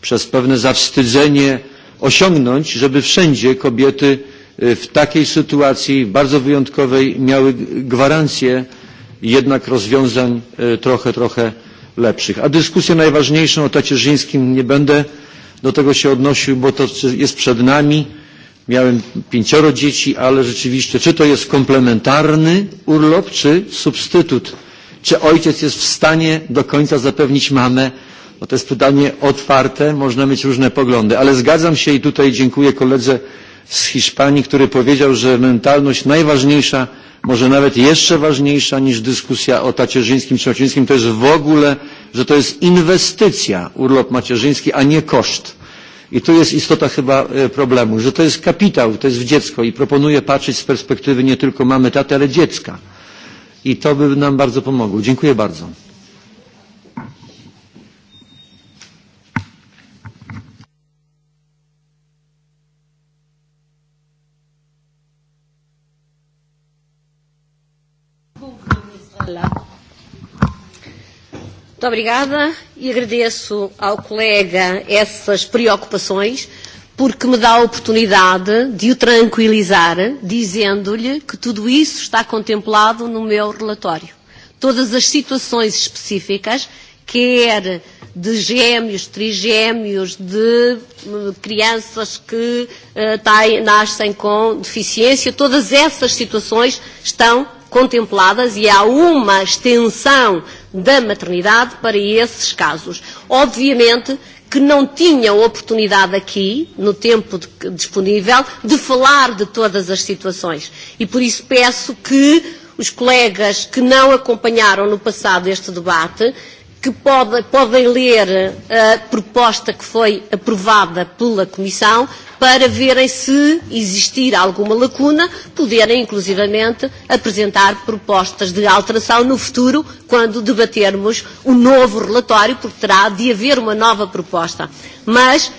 H: przez pewne zawstydzenie osiągnąć, żeby wszędzie kobiety w takiej sytuacji bardzo wyjątkowej miały gwarancję jednak rozwiązań trochę, trochę lepszych. A dyskusję najważniejszą o tacierzyńskim nie będę do tego się odnosił, bo to jest przed nami. Miałem pięcioro dzieci, ale rzeczywiście, czy to jest komplementarny urlop, czy substytut? Czy ojciec jest w stanie do końca zapewnić mamę? Bo to jest pytanie otwarte, można mieć różne poglądy, ale zgadzam się i tutaj dziękuję koledze z Hiszpanii, który powiedział, że mentalność najważniejsza, może nawet jeszcze ważniejsza niż dyskusja o tacierzyńskim czy macierzyńskim, to jest w ogóle, że to jest inwestycja urlop macierzyński, a nie koszt. I tu jest istota chyba problemu, że to jest kapitał, to jest w dziecko i proponuję patrzeć z perspektywy nie tylko mamy taty, ale dziecka. I to by nam bardzo pomogło. Dziękuję bardzo.
G: Muito obrigada e agradeço ao colega essas preocupações porque me dá a oportunidade de o tranquilizar, dizendo-lhe que tudo isso está contemplado no meu relatório. Todas as situações específicas, quer de gêmeos, trigêmeos, de crianças que uh, nascem com deficiência, todas essas situações estão contempladas e há uma extensão da maternidade para esses casos. Obviamente que não tinham oportunidade aqui, no tempo de, disponível, de falar de todas as situações. E por isso peço que os colegas que não acompanharam no passado este debate que pode, podem ler a proposta que foi aprovada pela Comissão para verem se existir alguma lacuna, poderem inclusivamente apresentar propostas de alteração no futuro, quando debatermos o novo relatório, porque terá de haver uma nova proposta. Mas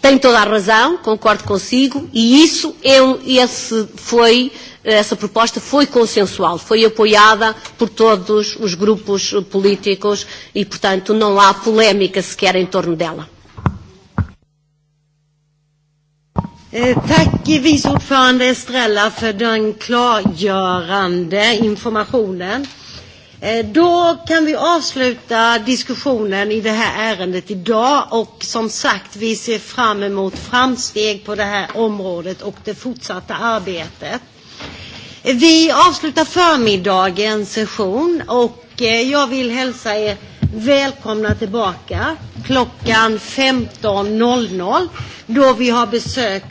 G: tem toda a razão, concordo consigo, e isso é um, esse foi essa proposta foi consensual, foi apoiada por todos os grupos políticos e, portanto, não há polémica sequer em torno dela.
A: Tack vice ordförande Estrella för den klargörande informationen. Då kan vi avsluta diskussionen i det här ärendet idag och som sagt vi ser fram emot framsteg på det här området och det fortsatta arbetet. Vi avslutar förmiddagens session och jag vill hälsa er välkomna
E: tillbaka klockan 15.00 då vi har besök